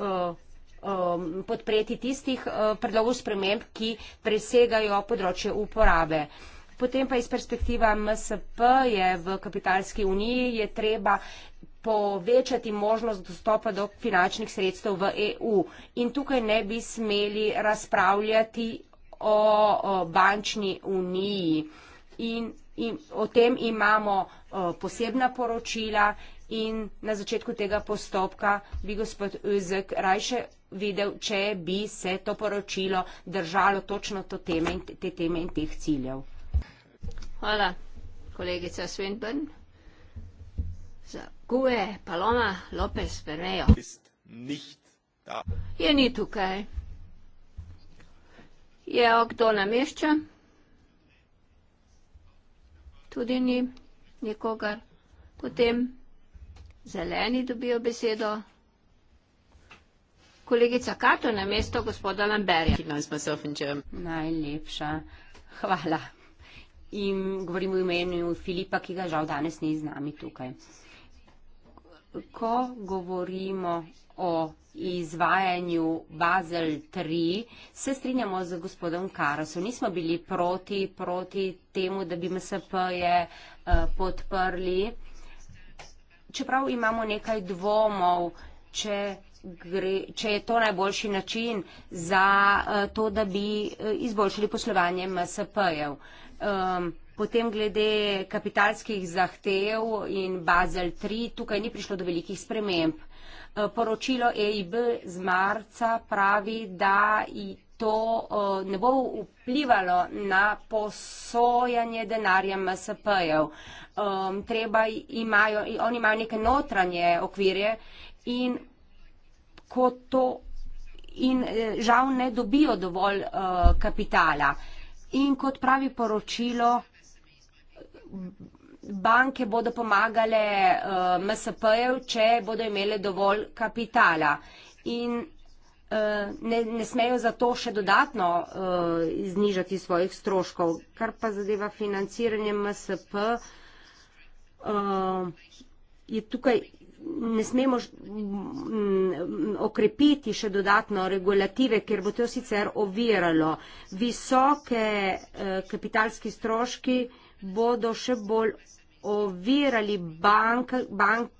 um, podpreti tistih uh, predlogov sprememb, ki presegajo področje uporabe. Potem pa iz perspektiva MSP je v kapitalski uniji je treba povečati možnost dostopa do finančnih sredstev v EU. In tukaj ne bi smeli razpravljati o, o bančni uniji. In, in o tem imamo o, posebna poročila in na začetku tega postopka bi gospod Özek rajše videl, če bi se to poročilo držalo točno to teme, te teme in teh ciljev. Hvala, kolegica Svendbrn. Gue, Paloma, Lopez, Vermejo. Je ni tukaj. Je okdo na mešče? Tudi ni nikogar. Potem zeleni dobijo besedo. Kolegica Kato na mesto gospoda Lamberja. Najlepša. Hvala. In govorim v imenu Filipa, ki ga žal danes ni z nami tukaj ko govorimo o izvajanju Basel III, se strinjamo z gospodom Karasom. Nismo bili proti, proti temu, da bi MSP-je uh, eh, podprli. Čeprav imamo nekaj dvomov, če, gre, če je to najboljši način za uh, to, da bi uh, izboljšali poslovanje MSP-jev. Um, ehm, Potem glede kapitalskih zahtev in Bazel 3, tukaj ni prišlo do velikih sprememb. Eh, poročilo EIB z marca pravi, da to eh, ne bo vplivalo na posojanje denarja MSP-jev. Eh, treba imajo, oni imajo neke notranje okvirje in ko to in žal ne dobijo dovolj uh, kapitala. In kot pravi poročilo, banke bodo pomagale uh, eh, MSP-jev, če bodo imele dovolj kapitala. In eh, Ne, ne smejo zato še dodatno uh, znižati svojih stroškov. Kar pa zadeva financiranje MSP, uh, je tukaj ne smemo š, m, m, okrepiti še dodatno regulative, ker bo to sicer oviralo. Visoke uh, kapitalski stroški uh, bodo še bolj ovirali bank, bank,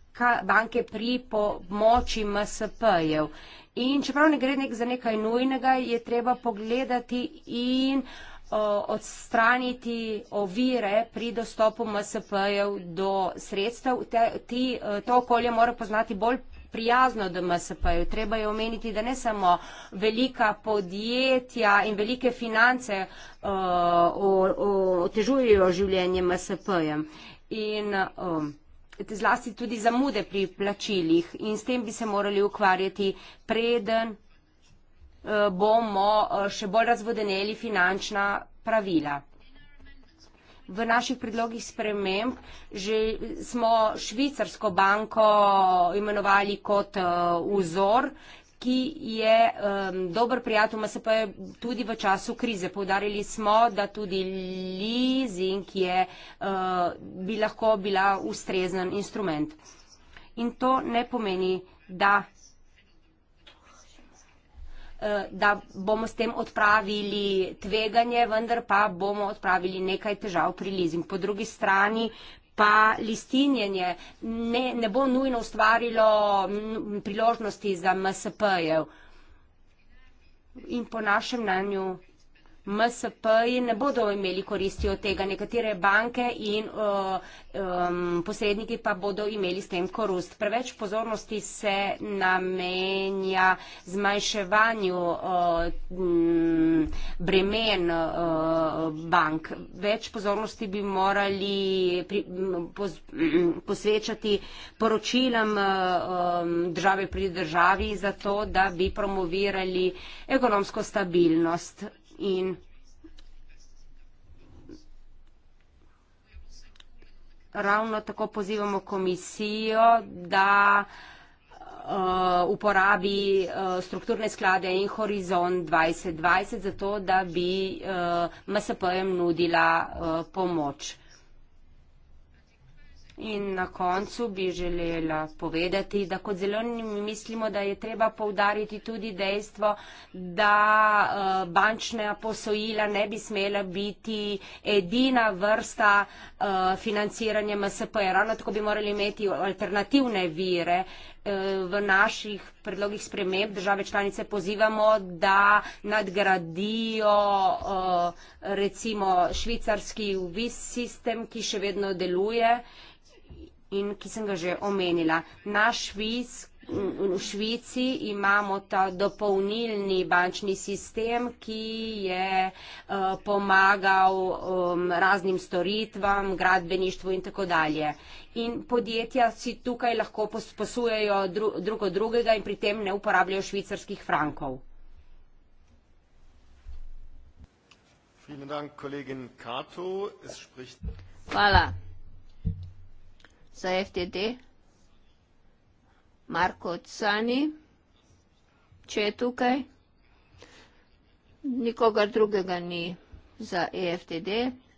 banke pri pomoči MSP-jev. In čeprav ne gre nek za nekaj nujnega, je treba pogledati in o, odstraniti ovire pri dostopu MSP-jev do sredstev. Te, ti, to okolje mora poznati bolj prijazno DMSP-ju. Treba je omeniti, da ne samo velika podjetja in velike finance uh, otežujejo življenje MSP-jem. In um, zlasti tudi zamude pri plačilih in s tem bi se morali ukvarjati preden uh, bomo uh, še bolj razvodeneli finančna pravila v naših predlogih sprememb že smo švicarsko banko imenovali kot eh, vzor, ki je um, dober prijatelj MSP tudi v času krize. Povdarili smo, da tudi leasing je, uh, bi lahko bila ustrezen instrument. In to ne pomeni, da Eh, da bomo s tem odpravili tveganje, vendar pa bomo odpravili nekaj težav pri leasing. Po drugi strani pa listinjenje ne, ne bo nujno ustvarilo priložnosti za MSP-jev. In po našem mnenju MSP-ji ne bodo imeli koristi od tega. Nekatere banke in uh, um, posredniki pa bodo imeli s tem korust. Preveč pozornosti se namenja zmanjševanju uh, bremen uh, bank. Več pozornosti bi morali pri, pos, posvečati poročilam uh, um, države pri državi za to, da bi promovirali ekonomsko stabilnost in ravno tako pozivamo komisijo, da uh, uporabi uh, strukturne sklade in horizont 2020, zato da bi uh, eh, MSP-jem nudila uh, pomoč. In na koncu bi želela povedati, da kot zelenimi mislimo, da je treba povdariti tudi dejstvo, da eh, bančne posojila ne bi smela biti edina vrsta eh, financiranja MSP-ja. Ravno tako bi morali imeti alternativne vire. Eh, v naših predlogih sprememb države članice pozivamo, da nadgradijo recimo švicarski VIS sistem, ki še vedno deluje in ki sem ga že omenila. Na Švic, v Švici imamo ta dopolnilni bančni sistem, ki je uh, pomagal um, raznim storitvam, gradbeništvu in tako dalje. In podjetja si tukaj lahko posujejo dru drugo drugega in pri tem ne uporabljajo švicarskih frankov. Hvala za FTD, Marko Cani, če je tukaj, nikogar drugega ni za EFTD,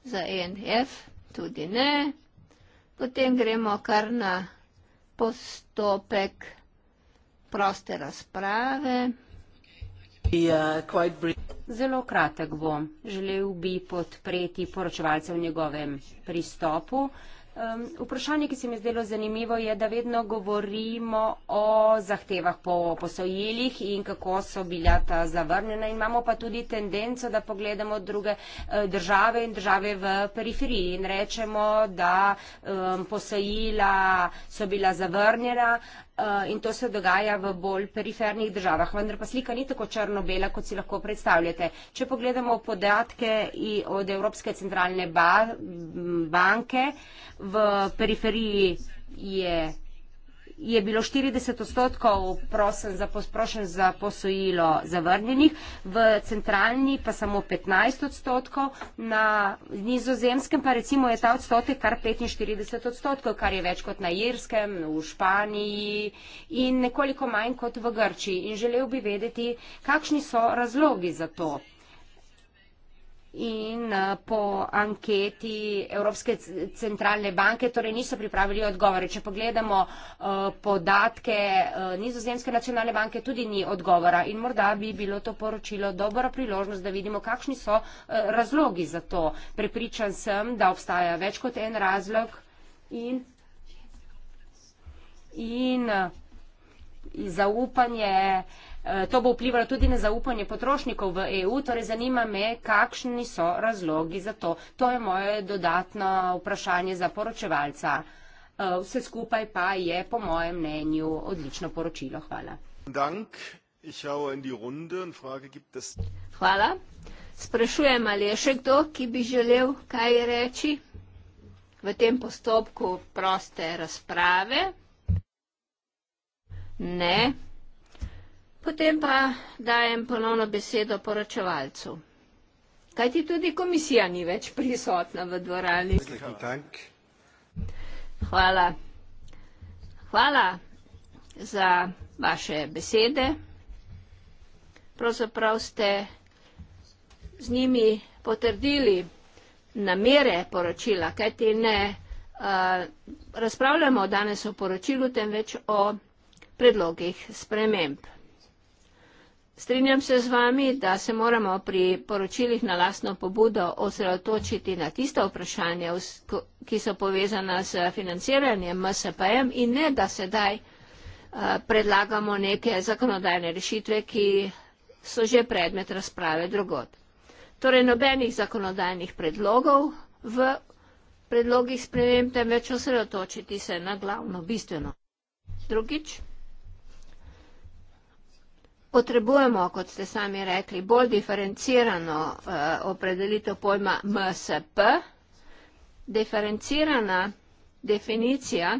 za ENF tudi ne. Potem gremo kar na postopek proste razprave. Zelo kratek bom. Želel bi podpreti poročevalce v njegovem pristopu. Um, vprašanje, ki se mi je zdelo zanimivo, je, da vedno govorimo o zahtevah po posojilih in kako so bila ta zavrnjena. Imamo pa tudi tendenco, da pogledamo druge eh, države in države v periferiji in rečemo, da um, posojila so bila zavrnjena, Eh, in to se dogaja v bolj perifernih državah. Vendar pa slika ni tako črno-bela, kot si lahko predstavljate. Če pogledamo podatke od Evropske centralne ba banke, v periferiji je je bilo 40 odstotkov prosen za, prosen za posojilo zavrnjenih, v centralni pa samo 15 odstotkov, na nizozemskem pa recimo je ta odstotek kar 45 odstotkov, kar je več kot na Irskem, v Španiji in nekoliko manj kot v Grčiji. In želel bi vedeti, kakšni so razlogi za to in eh, po anketi Evropske centralne banke, torej niso pripravili odgovore. Če pogledamo eh, podatke eh, Nizozemske nacionalne banke, tudi ni odgovora in morda bi bilo to poročilo dobra priložnost, da vidimo, kakšni so razlogi za to. Prepričan sem, da obstaja več kot en razlog in, in zaupanje Eh, to bo vplivalo tudi na zaupanje potrošnikov v EU, torej zanima me, kakšni so razlogi za to. To je moje dodatno vprašanje za poročevalca. Eh, vse skupaj pa je po mojem mnenju odlično poročilo. Hvala. Hvala. Sprašujem, ali je še kdo, ki bi želel kaj reči v tem postopku proste razprave? Ne. Potem pa dajem ponovno besedo poročevalcu. Kaj ti tudi komisija ni več prisotna v dvorani? Hvala. Hvala za vaše besede. Pravzaprav ste z njimi potrdili namere poročila, kaj ti ne uh, razpravljamo danes o poročilu, temveč o predlogih sprememb. Strinjam se z vami, da se moramo pri poročilih na lastno pobudo osredotočiti na tisto vprašanje, ki so povezana z financiranjem MSPM in ne, da sedaj eh, predlagamo neke zakonodajne rešitve, ki so že predmet razprave drugod. Torej nobenih zakonodajnih predlogov v predlogih spremem, temveč osredotočiti se na glavno bistveno. Drugič potrebujemo, kot ste sami rekli, bolj diferencirano uh, opredelitev pojma MSP. Diferencirana definicija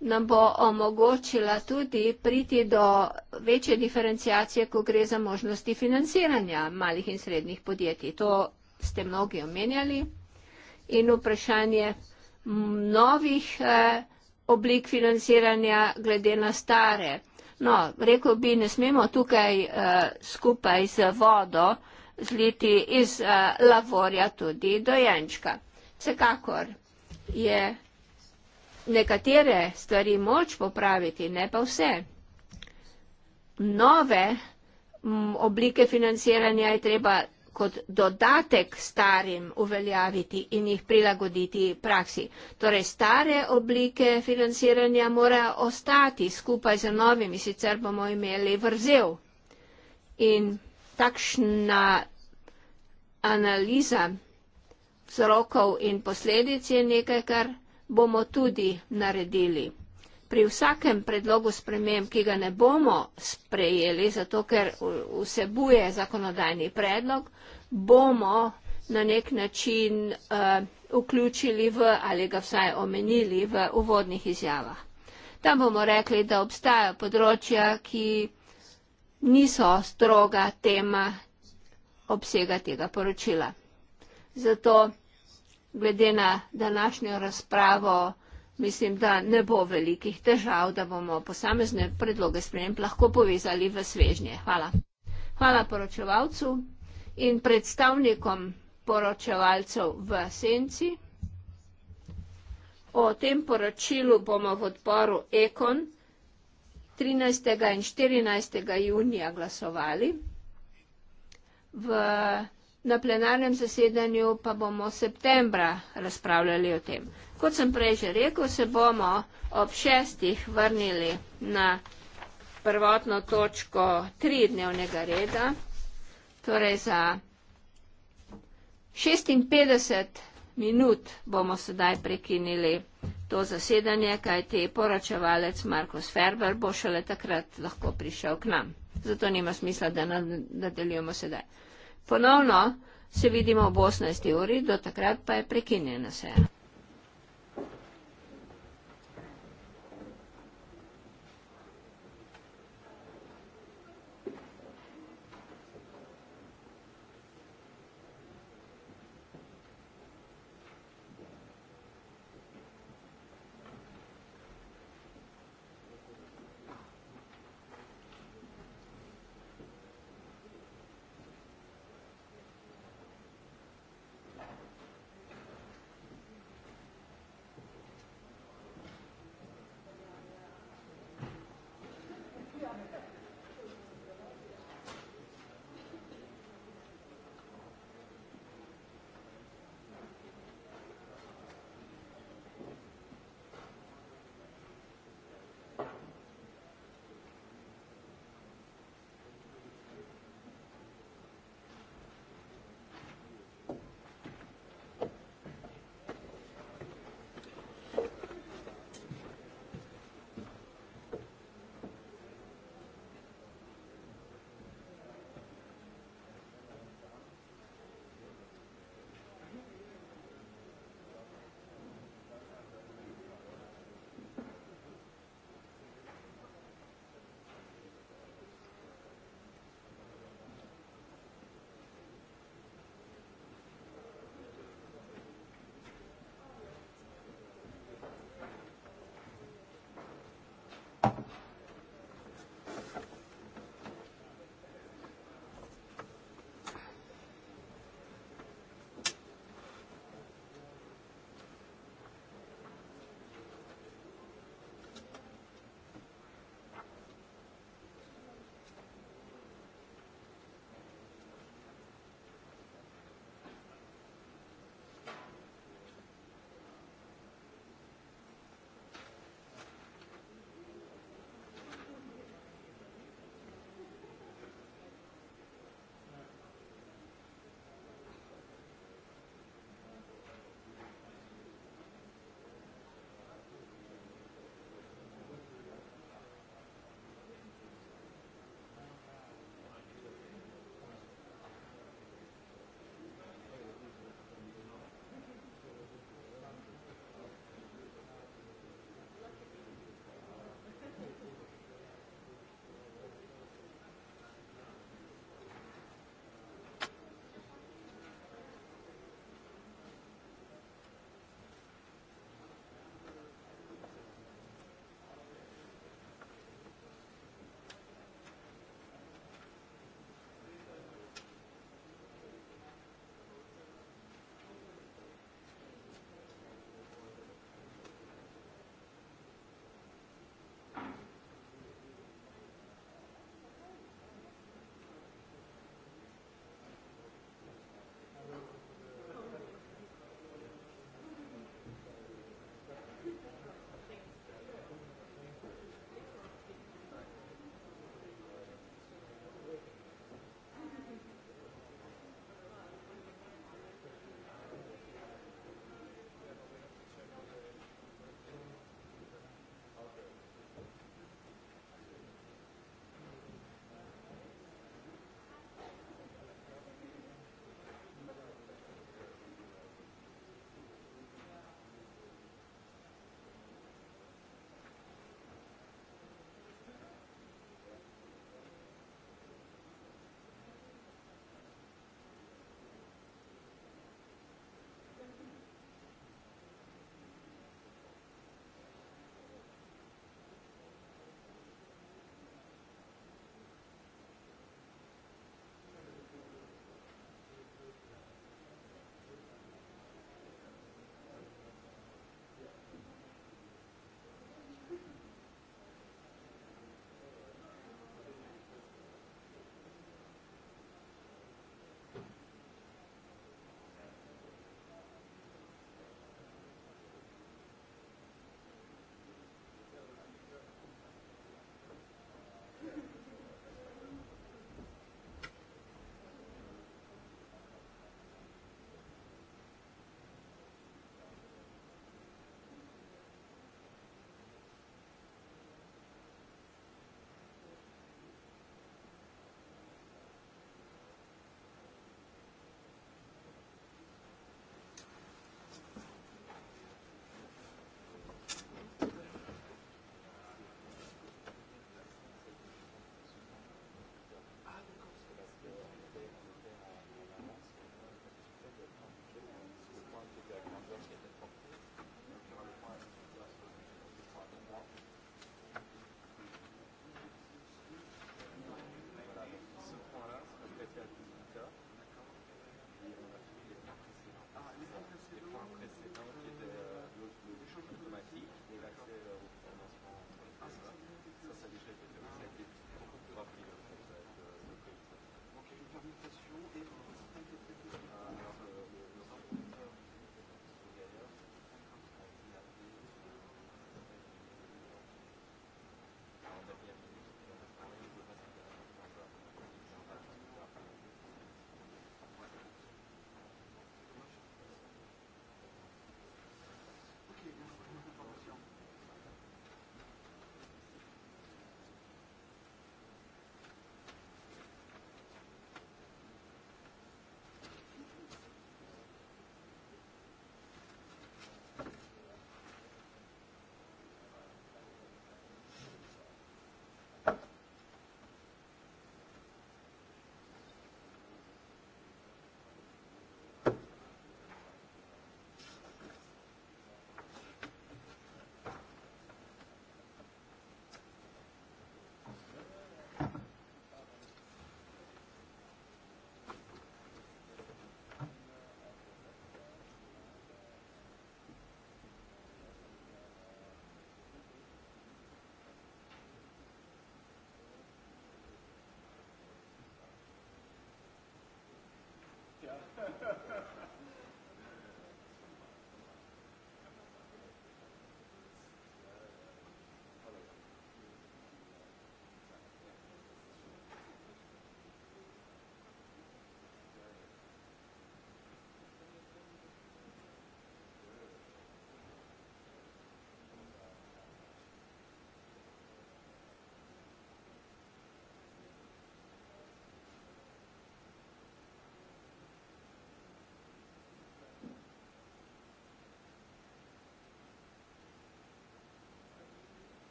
nam bo omogočila tudi priti do večje diferencijacije, ko gre za možnosti financiranja malih in srednjih podjetij. To ste mnogi omenjali. In vprašanje novih eh, oblik financiranja glede na stare. No, rekel bi, ne smemo tukaj uh, skupaj z vodo zliti iz uh, lavorja tudi dojenčka. Vsekakor je nekatere stvari moč popraviti, ne pa vse. Nove m, oblike financiranja je treba kot dodatek starim uveljaviti in jih prilagoditi praksi. Torej, stare oblike financiranja mora ostati skupaj z novimi, sicer bomo imeli vrzel. In takšna analiza vzrokov in posledic je nekaj, kar bomo tudi naredili pri vsakem predlogu sprememb, ki ga ne bomo sprejeli, zato ker vsebuje zakonodajni predlog, bomo na nek način uh, vključili v ali ga vsaj omenili v uvodnih izjavah. Tam bomo rekli, da obstajajo področja, ki niso stroga tema obsega tega poročila. Zato glede na današnjo razpravo, mislim, da ne bo velikih težav, da bomo posamezne predloge sprememb lahko povezali v svežnje. Hvala. Hvala poročevalcu in predstavnikom poročevalcev v Senci. O tem poročilu bomo v odboru Ekon 13. in 14. junija glasovali. V, na plenarnem zasedanju pa bomo septembra razpravljali o tem. Kot sem prej že rekel, se bomo ob šestih vrnili na prvotno točko tri dnevnega reda, torej za 56 minut bomo sedaj prekinili to zasedanje, kajti poročevalec Markus Ferber bo šele takrat lahko prišel k nam. Zato nima smisla, da nadaljujemo sedaj. Ponovno se vidimo ob 18. uri, do takrat pa je prekinjena seja.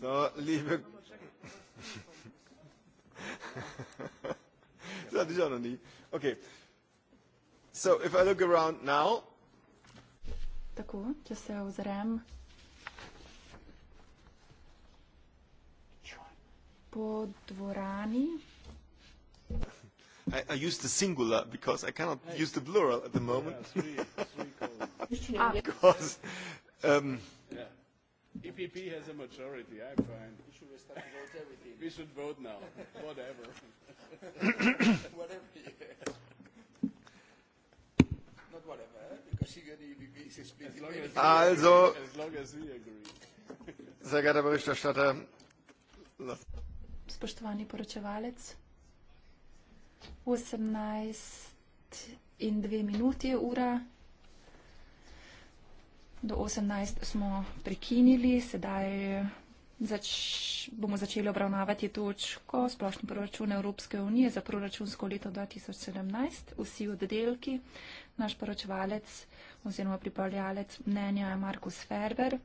So, liebe. [LAUGHS] okay. So, if I look around now. Tako, če se ozrem po dvorani. I, I use the singular because I cannot hey. use the plural at the moment. Yeah, three, three ah. [LAUGHS] because, um, PPP has a majority, I'm fine. We should start to vote everything. We should vote now. Whatever. [LAUGHS] whatever. Not whatever, eh? because you get the EPP is explicitly. As long as we agree. [LAUGHS] Sehr geehrter Berichterstatter. Spoštovani poročevalec, 18 in 2 minuti je ura do 18 smo prekinili, sedaj zač bomo začeli obravnavati točko splošni proračun Evropske unije za proračunsko leto 2017. Vsi oddelki, naš poročevalec oziroma pripravljalec mnenja je Markus Ferber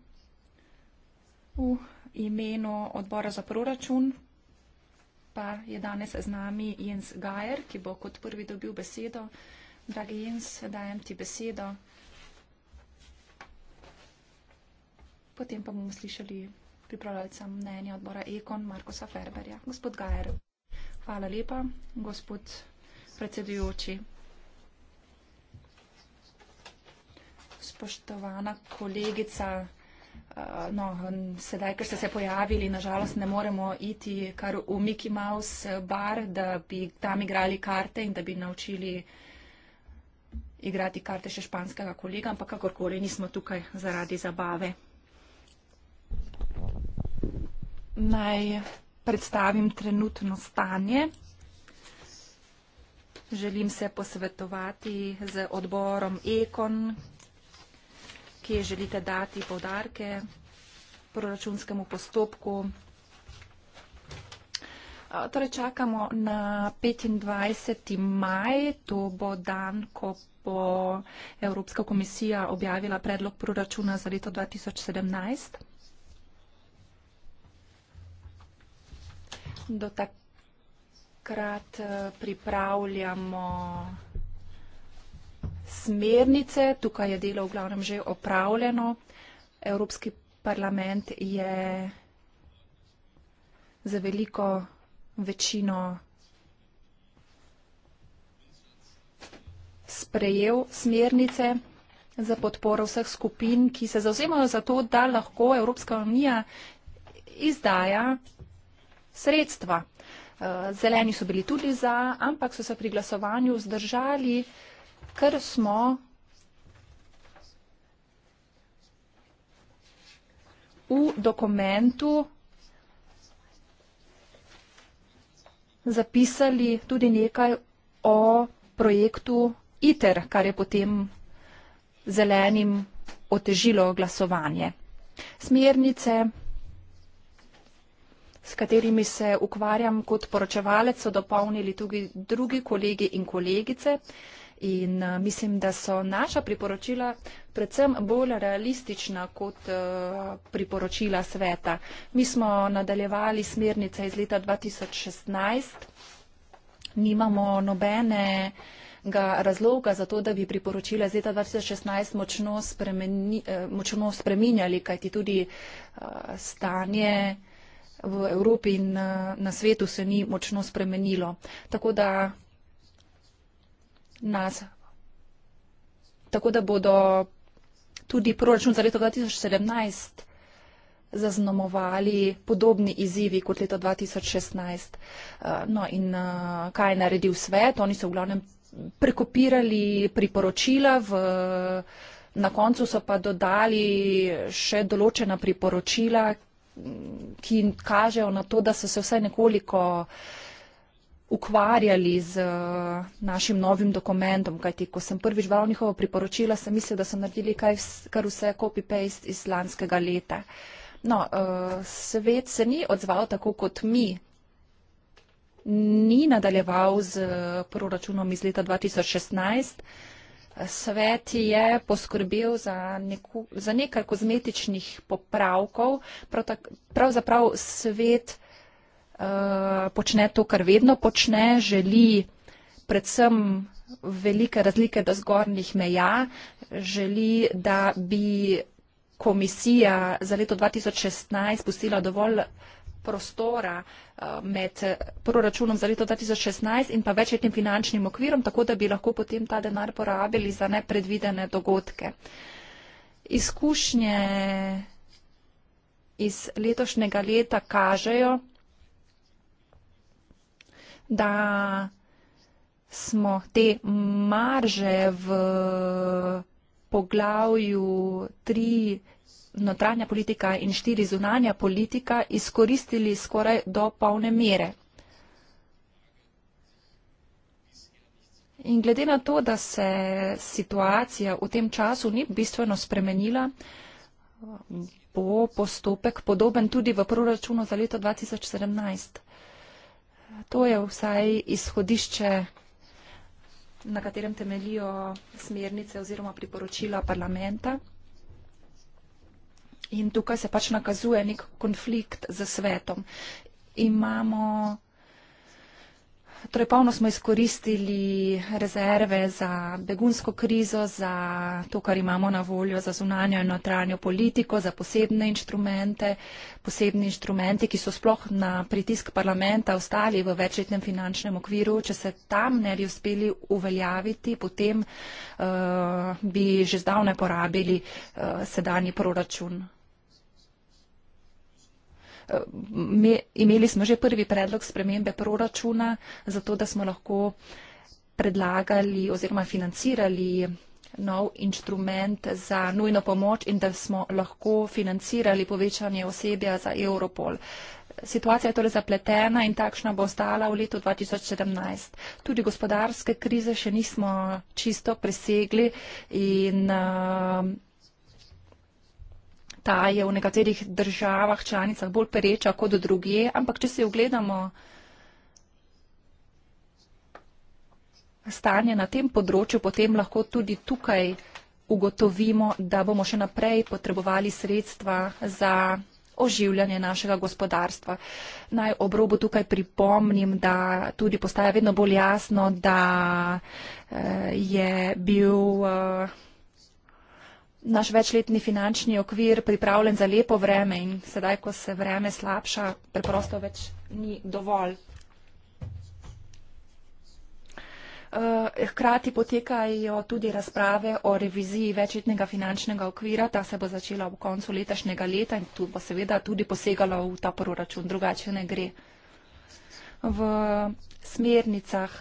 v imenu odbora za proračun. Pa je danes z nami Jens Gajer, ki bo kot prvi dobil besedo. Dragi Jens, dajem ti besedo. potem pa bomo slišali pripravljalca mnenja odbora Ekon Markosa Ferberja. Gospod Gajer. Hvala lepa, gospod predsedujoči. Spoštovana kolegica, eh, no, sedaj, ker ste se pojavili, nažalost ne moremo iti kar v Mickey Mouse bar, da bi tam igrali karte in da bi naučili igrati karte še španskega kolega, ampak kakorkoli nismo tukaj zaradi zabave. naj predstavim trenutno stanje. Želim se posvetovati z odborom Ekon, ki želite dati povdarke proračunskemu postopku. Torej čakamo na 25. maj, to bo dan, ko bo Evropska komisija objavila predlog proračuna za leto 2017. do takrat eh, pripravljamo smernice. Tukaj je delo v glavnem že opravljeno. Evropski parlament je za veliko večino sprejel smernice za podporo vseh skupin, ki se zauzemajo za to, da lahko Evropska unija izdaja sredstva. Eh, zeleni so bili tudi za, ampak so se pri glasovanju zdržali, ker smo. V dokumentu zapisali tudi nekaj o projektu ITER, kar je potem zelenim otežilo glasovanje. Smernice s katerimi se ukvarjam kot poročevalec, so dopolnili tudi drugi kolegi in kolegice. In eh, mislim, da so naša priporočila predvsem bolj realistična kot eh, priporočila sveta. Mi smo nadaljevali smernice iz leta 2016. Nimamo nobenega razloga za to, da bi priporočila iz leta 2016 močno, spremeni, eh, močno spreminjali, kajti tudi stanje v Evropi in na svetu se ni močno spremenilo. Tako da, nas, tako da bodo tudi proračun za leto 2017 zaznamovali podobni izzivi kot leto 2016. Eh, no in eh, kaj je naredil svet? Oni so v glavnem prekopirali priporočila, v, na koncu so pa dodali še določena priporočila, ki kažejo na to, da so se vsaj nekoliko ukvarjali z eh, našim novim dokumentom, kajti ko sem prvič bral njihovo priporočila, sem mislil, da so naredili kaj, kar vse copy-paste iz lanskega leta. No, eh, svet se ni odzval tako kot mi, ni nadaljeval z eh, proračunom iz leta 2016 svet je poskrbel za, neku, za nekaj kozmetičnih popravkov. Prav tak, pravzaprav svet uh, počne to, kar vedno počne, želi predvsem velike razlike do zgornjih meja, želi, da bi komisija za leto 2016 pustila dovolj prostora eh, med eh, proračunom za leto 2016 in pa večletnim finančnim okvirom, tako da bi lahko potem ta denar porabili za nepredvidene dogodke. Izkušnje iz letošnjega leta kažejo, da smo te marže v poglavju 3 notranja politika in štiri zunanja politika izkoristili skoraj do polne mere. In glede na to, da se situacija v tem času ni bistveno spremenila, bo postopek podoben tudi v proračunu za leto 2017. To je vsaj izhodišče, na katerem temelijo smernice oziroma priporočila parlamenta. In tukaj se pač nakazuje nek konflikt z svetom. Imamo, torej polno smo izkoristili rezerve za begunsko krizo, za to, kar imamo na voljo, za zunanjo in notranjo politiko, za posebne inštrumente, posebni inštrumenti, ki so sploh na pritisk parlamenta ostali v večletnem finančnem okviru. Če se tam ne bi uspeli uveljaviti, potem uh, bi že zdavne porabili uh, sedanji proračun me, imeli smo že prvi predlog spremembe proračuna, zato da smo lahko predlagali oziroma financirali nov inštrument za nujno pomoč in da smo lahko financirali povečanje osebja za Europol. Situacija je torej zapletena in takšna bo ostala v letu 2017. Tudi gospodarske krize še nismo čisto presegli in uh, ta je v nekaterih državah članicah bolj pereča kot druge, ampak če se ogledamo stanje na tem področju, potem lahko tudi tukaj ugotovimo, da bomo še naprej potrebovali sredstva za oživljanje našega gospodarstva. Naj obrobu tukaj pripomnim, da tudi postaja vedno bolj jasno, da eh, je bil eh, naš večletni finančni okvir pripravljen za lepo vreme in sedaj, ko se vreme slabša, preprosto več ni dovolj. Eh, hkrati potekajo tudi razprave o reviziji večletnega finančnega okvira. Ta se bo začela v koncu letašnjega leta in tu bo seveda tudi posegala v ta proračun. Drugače ne gre. V smernicah.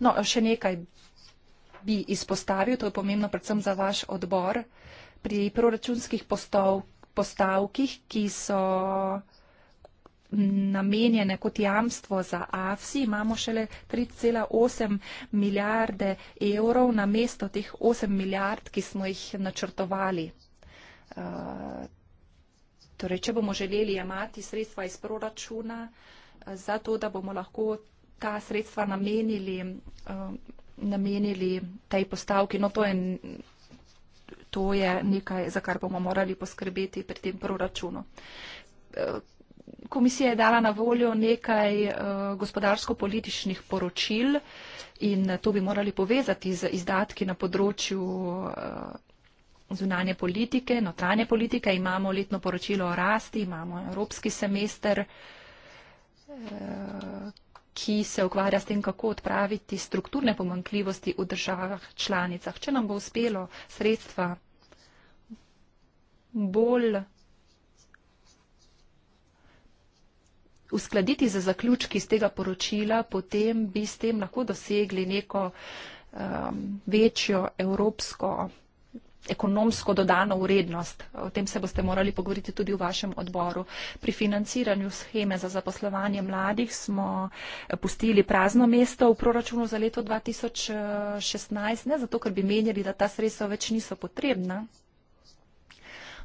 No, še nekaj bi izpostavil, to je pomembno predvsem za vaš odbor, pri proračunskih postov, postavkih, ki so namenjene kot jamstvo za AFSI, imamo šele 3,8 milijarde evrov na mesto teh 8 milijard, ki smo jih načrtovali. Uh, torej, če bomo želeli jemati sredstva iz proračuna, uh, eh, zato da bomo lahko ta sredstva namenili. Uh, namenili tej postavki. No, to je, to je nekaj, za kar bomo morali poskrbeti pri tem proračunu. Eh, komisija je dala na voljo nekaj eh, gospodarsko-političnih poročil in to bi morali povezati z izdatki na področju eh, zunanje politike, notranje politike. Imamo letno poročilo o rasti, imamo evropski semester ki se ukvarja s tem, kako odpraviti strukturne pomankljivosti v državah članicah. Če nam bo uspelo sredstva bolj uskladiti za zaključki iz tega poročila, potem bi s tem lahko dosegli neko um, večjo evropsko ekonomsko dodano vrednost. O tem se boste morali pogovoriti tudi v vašem odboru. Pri financiranju scheme za zaposlovanje mladih smo eh, pustili prazno mesto v proračunu za leto 2016, ne zato, ker bi menili, da ta sredstva več niso potrebna,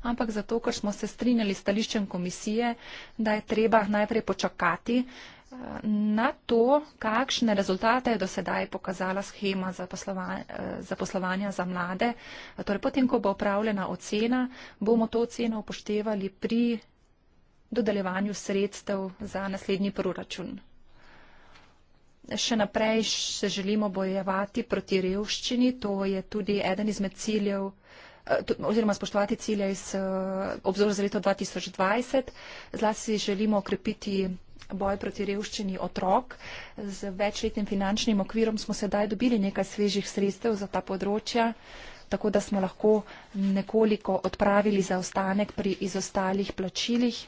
ampak zato, ker smo se strinjali s stališčem komisije, da je treba najprej počakati na to, kakšne rezultate je do sedaj pokazala schema za, poslova, za poslovanja za mlade. Torej, potem, ko bo upravljena ocena, bomo to oceno upoštevali pri dodeljevanju sredstev za naslednji proračun. Še naprej se želimo bojevati proti revščini, to je tudi eden izmed ciljev eh, oziroma spoštovati cilje iz eh, obzorja za leto 2020. Zlasti želimo okrepiti boj proti revščini otrok. Z večletnim finančnim okvirom smo sedaj dobili nekaj svežih sredstev za ta področja, tako da smo lahko nekoliko odpravili zaostanek pri izostalih plačilih.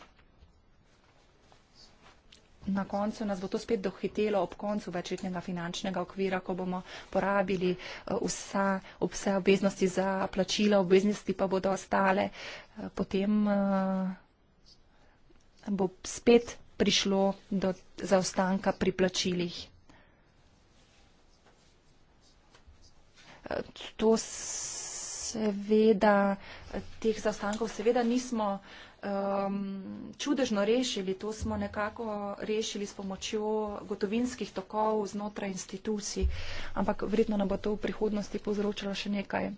Na koncu nas bo to spet dohitelo ob koncu večletnega finančnega okvira, ko bomo porabili eh, vsa, vse obveznosti za plačila, obveznosti pa bodo ostale. Eh, potem eh, bo spet prišlo do zaostanka pri plačilih. To seveda, teh zaostankov seveda nismo um, čudežno rešili, to smo nekako rešili s pomočjo gotovinskih tokov znotraj institucij, ampak vredno nam bo to v prihodnosti povzročilo še nekaj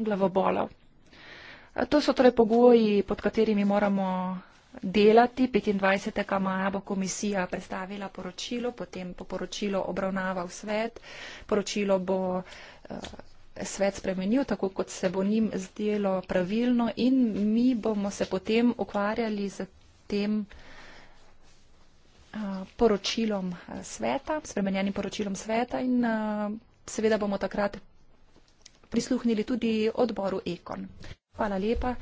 glavobolov. To so torej pogoji, pod katerimi moramo delati. 25. maja bo komisija predstavila poročilo, potem po poročilo obravnaval svet. Poročilo bo uh, svet spremenil tako, kot se bo njim zdelo pravilno in mi bomo se potem ukvarjali z tem eh, poročilom eh, sveta, spremenjenim poročilom sveta in seveda bomo takrat prisluhnili tudi odboru Ekon. Hvala lepa.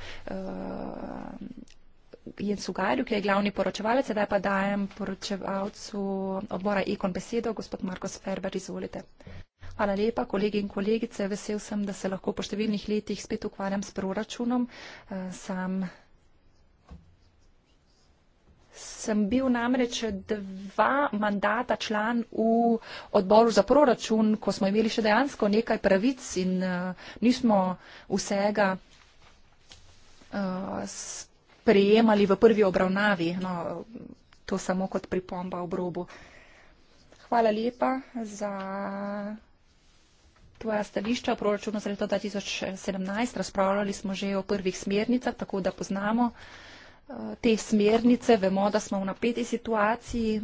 Jensugarju, ki je glavni poročevalec, sedaj pa dajem poročevalcu odbora Ekon besedo, gospod Marko Sferber, izvolite. Hvala lepa, kolegi in kolegice. Vesel sem, da se lahko po številnih letih spet ukvarjam s proračunom. Eh, sam sem bil namreč dva mandata član v odboru za proračun, ko smo imeli še dejansko nekaj pravic in eh, nismo vsega eh, prejemali v prvi obravnavi. No, to samo kot pripomba ob robu. Hvala lepa za tvoja stališča o proračunu za leto 2017. Razpravljali smo že o prvih smernicah, tako da poznamo eh, te smernice. Vemo, da smo v napeti situaciji,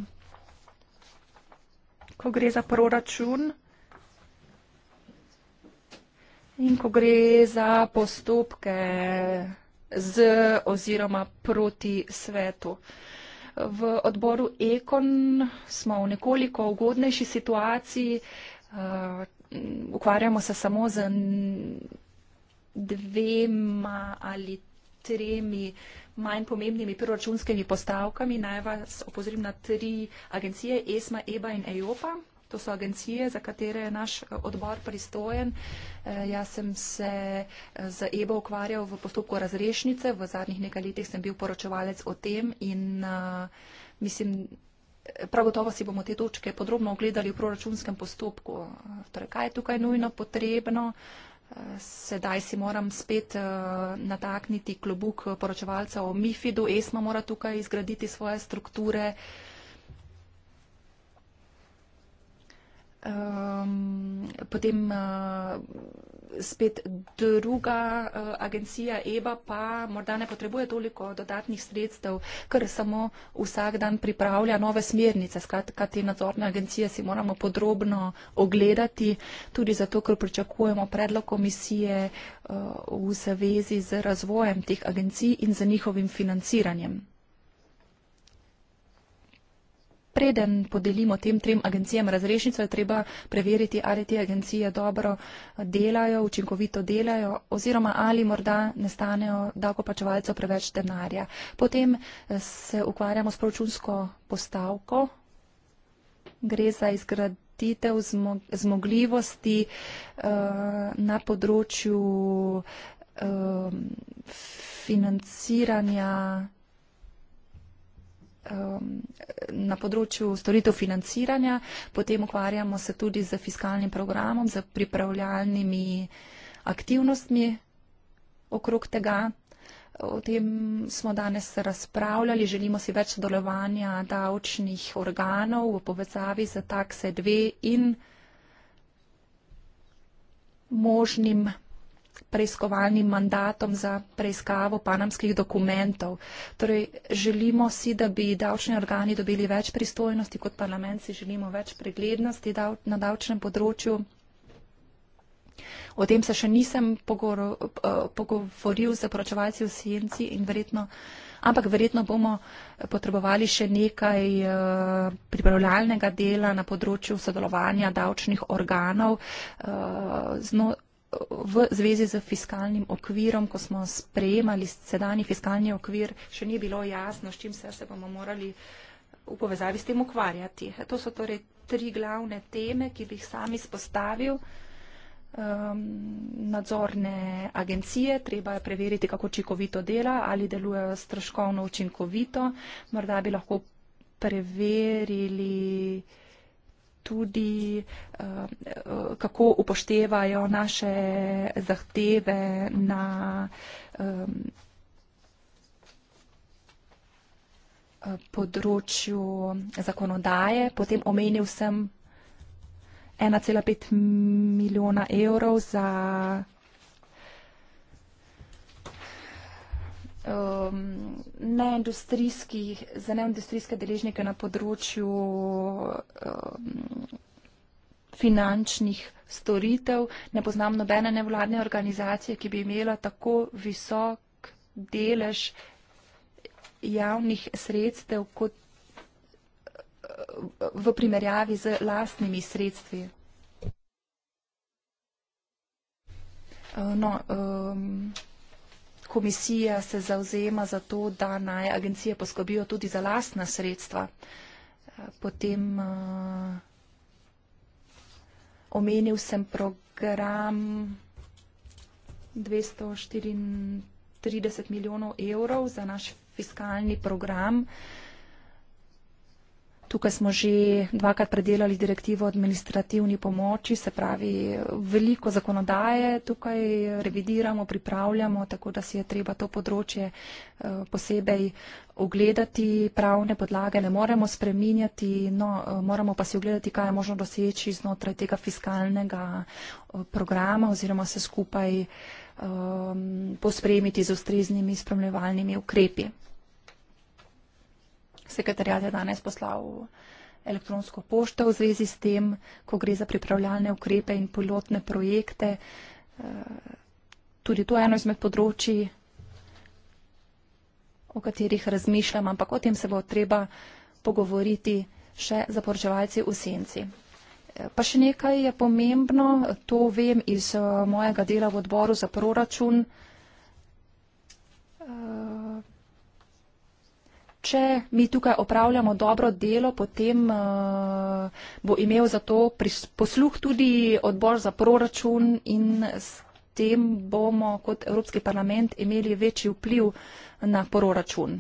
ko gre za proračun. In ko gre za postopke z oziroma proti svetu. V odboru Ekon smo v nekoliko ugodnejši situaciji, eh, ukvarjamo se samo z dvema ali tremi manj pomembnimi proračunskimi postavkami. Naj vas opozorim na tri agencije ESMA, EBA in EIOPA. To so agencije, za katere je naš eh, odbor pristojen. Eh, jaz sem se eh, z EBO ukvarjal v postopku razrešnice, v zadnjih nekaj letih sem bil poročevalec o tem in mislim, prav gotovo si bomo te točke podrobno ogledali v proračunskem postopku. Torej, kaj je tukaj nujno potrebno? Sedaj si moram spet natakniti klobuk poročevalca o MIFIDu. ESMA mora tukaj izgraditi svoje strukture. Um, potem uh, spet druga uh, agencija EBA pa morda ne potrebuje toliko dodatnih sredstev, ker samo vsak dan pripravlja nove smernice. Skratka, te nadzorne agencije si moramo podrobno ogledati, tudi zato, ker pričakujemo predlog komisije uh, v zavezi z razvojem teh agencij in z njihovim financiranjem preden podelimo tem trem agencijam razrešnico, je treba preveriti, ali te agencije dobro delajo, učinkovito delajo oziroma ali morda ne stanejo davkoplačevalcev preveč denarja. Potem eh, se ukvarjamo s proračunsko postavko. Gre za izgraditev zmogljivosti eh, na področju eh, financiranja um, na področju storitev financiranja, potem ukvarjamo se tudi z fiskalnim programom, z pripravljalnimi aktivnostmi okrog tega. O tem smo danes razpravljali, želimo si več sodelovanja davčnih organov v povezavi z takse dve in možnim preiskovalnim mandatom za preiskavo panamskih dokumentov. Torej, želimo si, da bi davčni organi dobili več pristojnosti kot parlament, si želimo več preglednosti na davčnem področju. O tem se še nisem eh, pogovoril z poročevalci v Sienci in verjetno, ampak verjetno bomo potrebovali še nekaj eh, pripravljalnega dela na področju sodelovanja davčnih organov. Eh, zno, v zvezi z fiskalnim okvirom, ko smo sprejemali sedanji fiskalni okvir, še ni bilo jasno, s čim se, se bomo morali v povezavi s tem ukvarjati. To so torej tri glavne teme, ki bi jih sam izpostavil. Um, nadzorne agencije, treba je preveriti, kako učinkovito dela, ali delujejo stroškovno učinkovito. Morda bi lahko preverili tudi, eh, kako upoštevajo naše zahteve na eh, področju zakonodaje. Potem omenil sem 1,5 milijona evrov za um, neindustrijskih, za neindustrijske deležnike na področju um, finančnih storitev. Ne poznam nobene nevladne organizacije, ki bi imela tako visok delež javnih sredstev kot v primerjavi z lastnimi sredstvi. Uh, no, um, komisija se zauzema za to, da naj agencije poskobijo tudi za lastna sredstva. Potem uh, omenil sem program 234 milijonov evrov za naš fiskalni program. Uh, Tukaj smo že dvakrat predelali direktivo o administrativni pomoči, se pravi, veliko zakonodaje tukaj revidiramo, pripravljamo, tako da si je treba to področje eh, posebej ogledati pravne podlage, ne moremo spreminjati, no, eh, moramo pa si ogledati, kaj je možno doseči znotraj tega fiskalnega eh, programa oziroma se skupaj um, pospremiti z ustreznimi spremljevalnimi ukrepi sekretarjat je danes poslal elektronsko pošto v zvezi s tem, ko gre za pripravljalne ukrepe in pilotne projekte. Eh, tudi to je eno izmed področji, o katerih razmišljam, ampak o tem se bo treba pogovoriti še za poročevalci v senci. Eh, pa še nekaj je pomembno, to vem iz eh, mojega dela v odboru za proračun če mi tukaj opravljamo dobro delo, potem uh, bo imel za to posluh tudi odbor za proračun in s tem bomo kot Evropski parlament imeli večji vpliv na proračun.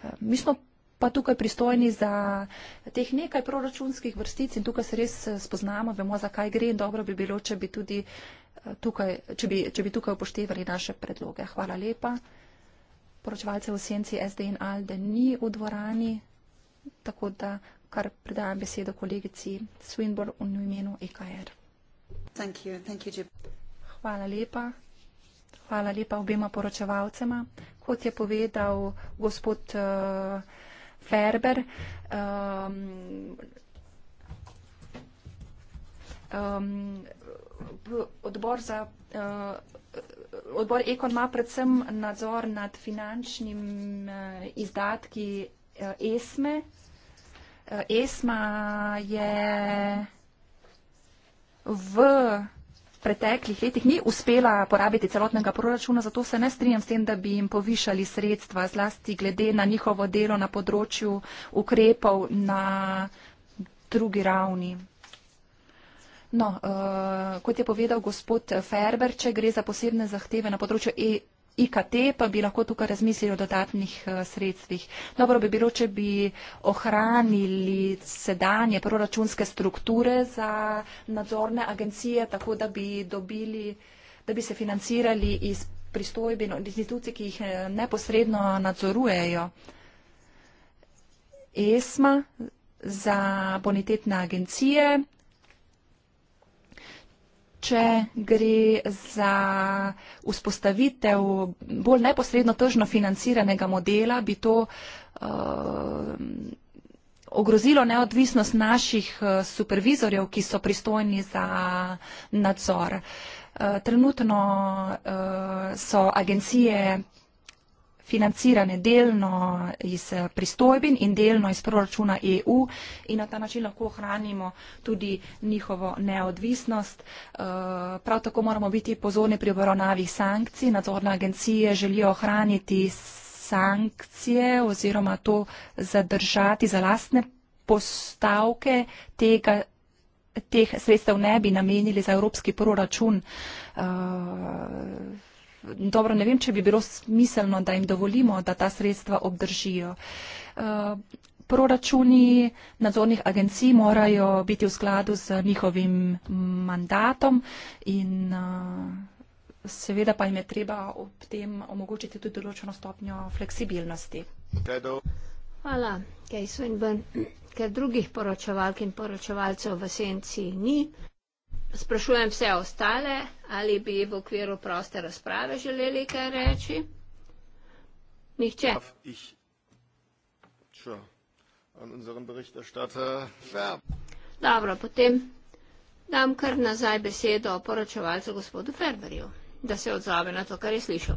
Eh, mi smo pa tukaj pristojni za teh nekaj proračunskih vrstic in tukaj se res eh, spoznamo, vemo, zakaj gre in dobro bi bilo, če bi tukaj, če bi, če bi tukaj upoštevali naše predloge. Hvala lepa poročevalcev v senci SD in Alde ni v dvorani, tako da kar predajam besedo kolegici Swinburne v imenu EKR. Thank you. Thank you, Hvala lepa. Hvala lepa obema poročevalcema. Kot je povedal gospod uh, Ferber, um, um, odbor za uh, odbor Ekon ima predvsem nadzor nad finančnim eh, izdatki eh, ESME. Eh, ESMA je v preteklih letih ni uspela porabiti celotnega proračuna, zato se ne strinjam s tem, da bi jim povišali sredstva, zlasti glede na njihovo delo na področju ukrepov na drugi ravni. No, uh, kot je povedal gospod Ferber, če gre za posebne zahteve na področju e IKT, pa bi lahko tukaj razmislili o dodatnih uh, sredstvih. Dobro bi bilo, če bi ohranili sedanje proračunske strukture za nadzorne agencije, tako da bi, dobili, da bi se financirali iz pristojbin od institucij, ki jih eh, neposredno nadzorujejo. ESMA za bonitetne agencije če gre za vzpostavitev bolj neposredno tržno financiranega modela, bi to eh, ogrozilo neodvisnost naših eh, supervizorjev, ki so pristojni za nadzor. Eh, trenutno so agencije financirane delno iz eh, pristojbin in delno iz proračuna EU in na ta način lahko ohranimo tudi njihovo neodvisnost. Eh, prav tako moramo biti pozorni pri obravnavi sankcij. Nadzorne agencije želijo ohraniti sankcije oziroma to zadržati za lastne postavke tega teh sredstev ne bi namenili za evropski proračun. Uh dobro, ne vem, če bi bilo smiselno, da jim dovolimo, da ta sredstva obdržijo. Eh, proračuni nadzornih agencij morajo biti v skladu z njihovim mandatom in eh, seveda pa jim je treba ob tem omogočiti tudi določeno stopnjo fleksibilnosti. Hvala, Kej Svenben, ker drugih poročevalk in poročevalcev v senci ni. Sprašujem vse ostale, ali bi v okviru proste razprave želeli kaj reči? Nihče. Ja. Dobro, potem dam kar nazaj besedo poročevalcu gospodu Ferberju, da se odzove na to, kar je slišal.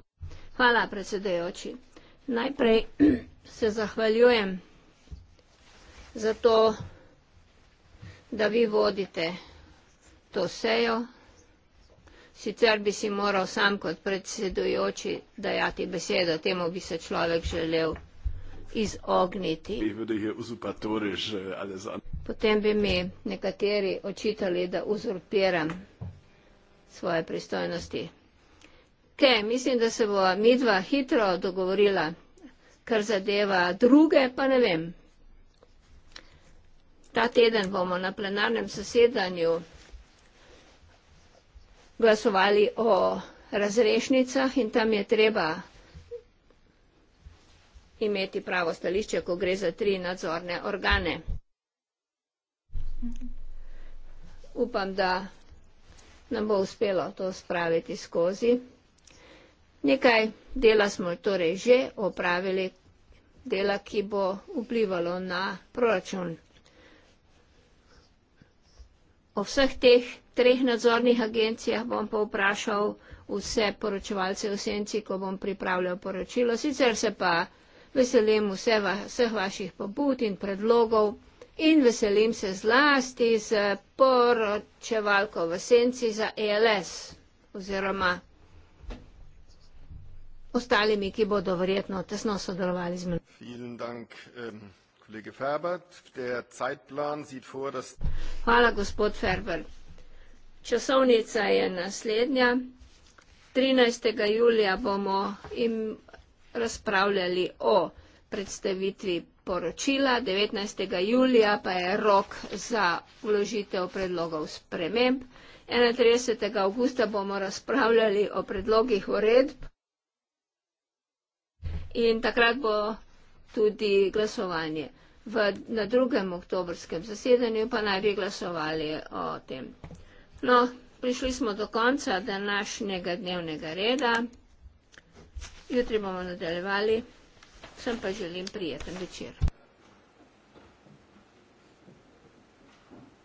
Hvala, predsedujoči. Najprej [CLEARS THROAT] se zahvaljujem za to, da vi vodite to sejo. Sicer bi si moral sam kot predsedujoči dajati besedo, temu bi se človek želel izogniti. Potem bi mi nekateri očitali, da uzurpiram svoje pristojnosti. Ok, mislim, da se bo midva hitro dogovorila, kar zadeva druge, pa ne vem. Ta teden bomo na plenarnem zasedanju glasovali o razrešnicah in tam je treba imeti pravo stališče, ko gre za tri nadzorne organe. Upam, da nam bo uspelo to spraviti skozi. Nekaj dela smo torej že opravili, dela, ki bo vplivalo na proračun. O vseh teh treh nadzornih agencijah bom pa vprašal vse poročevalce v senci, ko bom pripravljal poročilo. Sicer se pa veselim vse va, vseh vaših pobud in predlogov in veselim se zlasti z poročevalko v senci za ELS oziroma ostalimi, ki bodo verjetno tesno sodelovali z menoj. Kollege Ferber, der Zeitplan sieht vor, dass. Hvala, gospod Ferber. Časovnica je naslednja. 13. julija bomo im razpravljali o predstavitvi poročila, 19. julija pa je rok za vložitev predlogov sprememb, 31. augusta bomo razpravljali o predlogih uredb in takrat bo tudi glasovanje v, na drugem oktobrskem zasedanju pa naj bi glasovali o tem. No, prišli smo do konca današnjega dnevnega reda. Jutri bomo nadaljevali. Vsem pa želim prijeten večer.